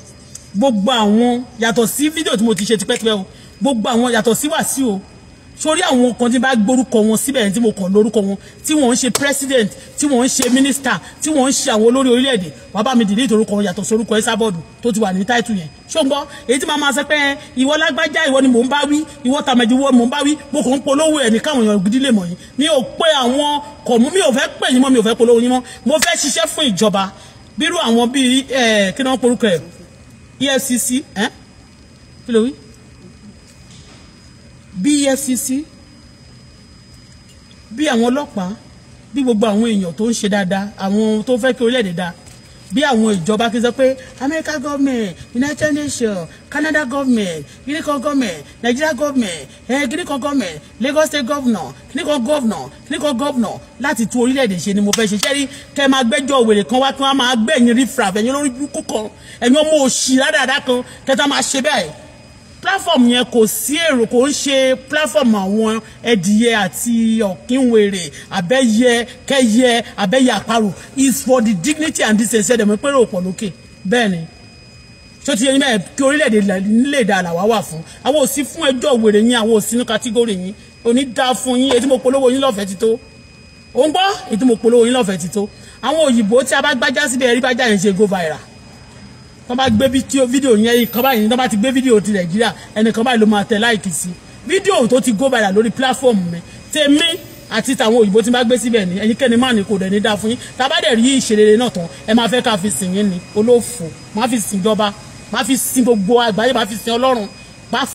gbogbo àwọn yàtọ̀ sí fídíò tí mo ti ṣe tipẹ́tipẹ́ o gbogbo àwọn yàtọ̀ sí wàásù o sórí àwọn kan tí bá gbórúkọ wọn síbẹ̀ tí mo kàn lórúkọ wọn tí wọ́n ń ṣe president tí wọ́n ń ṣe minister tí wọ́n ń ṣe àwọn olórí orílẹ̀-èdè wàá bá mi dìde ìtòrúkọ wọn yàtọ̀ sórúkọ Esabod tó ti wà ní táìtù yẹn ṣóńgbọ́ èyí tí màá máa sọ pé ìwọ lágbájá ìwọ ni mò ń bá wí ìwọ tàmẹ̀dì ìwọ mò ń bá wí mo kàn ń polówó ẹ̀ ní káwọn èèyàn gidi lè mọ̀ yín mi ò pé àwọn kọ̀ mú mi ò fẹ́ pè yín mọ́ mi ò fẹ́ polówó yín mọ́ mo fẹ́ ṣiṣẹ́ fún ìjọba bírú àwọn bíi kí ni wọ́n porúkọ ẹ̀ EFCC kí ló wí bí EFCC bí àwọn ọlọ́pàá bí gbogbo àwọn èèyàn tó ń ṣe dáadáa àwọn tó fẹ́ kí orílẹ̀-èdè dáa bí àwọn ìjọba kí n sọ pé America government United Nations Canada government kìnìkan government Nigeria government eh, kìnìkan government Lagos state governor kìnìkan governor kìnìkan governor láti tún orílẹ̀-èdè ṣe ni mo fẹ́ ṣe ṣẹ́rí kẹ́ máa gbẹ́jọ́ wèrè kan wá kí wọ́n máa gbẹ̀yìn rífra ẹ̀yìn lórí kúkọ ẹ̀yìn ọmọ òṣì rádàrá kan kẹ́ta máa ṣe bẹ́ẹ̀ platform yẹn kò sí èrò kò ń ṣe platform àwọn ẹdìyẹ àti ọ̀kínwèrè abẹ́yẹ kẹ́yẹ abẹ́yẹ àparò is for the dignity and decency ẹ̀dẹ̀mọ́ pé rò pọ̀ lókè bẹ́ẹ̀ ni tó ti yẹ yín bẹ́ẹ̀ kí orílẹ̀-èdè nílẹ̀ èdè àlàwà wà fún àwọn òsì fún ẹjọ́ wèrè yín àwọn òsì ní kátígórì yín òní dá fún yín ètí mo polówó yín lọ́fẹ̀ẹ́ ti tó ó ń gbọ́ ètí mo yín lọ́fẹ̀ẹ́ ti tó àwọn òyìnbó tí a bá gbájá síbẹ̀ rí bájá yẹn ṣe go viral tó bá gbé fídíò yẹn ìkan báyìí tó bá ti gbé fídíò ti nàìjíríà ẹnìkan báyìí ló máa tẹ láìkì sí fídíò tó ti go viral lórí pílàfọ́ọ̀mù mi tèmi àti tàwọn òyìnbó tí n bá gbé síbẹ̀ ní ẹ̀yin kẹ́ni máà ní kò dẹ̀ ní dáa fún yín tá a bá dẹ̀ rí ìṣerere náà tán ẹ máa fẹ́ ká fi sìn yín ni olóòfò máa fi sìn ìjọba máa fi sìn gbogbo àgbáyé máa fi sìn ọlọ́run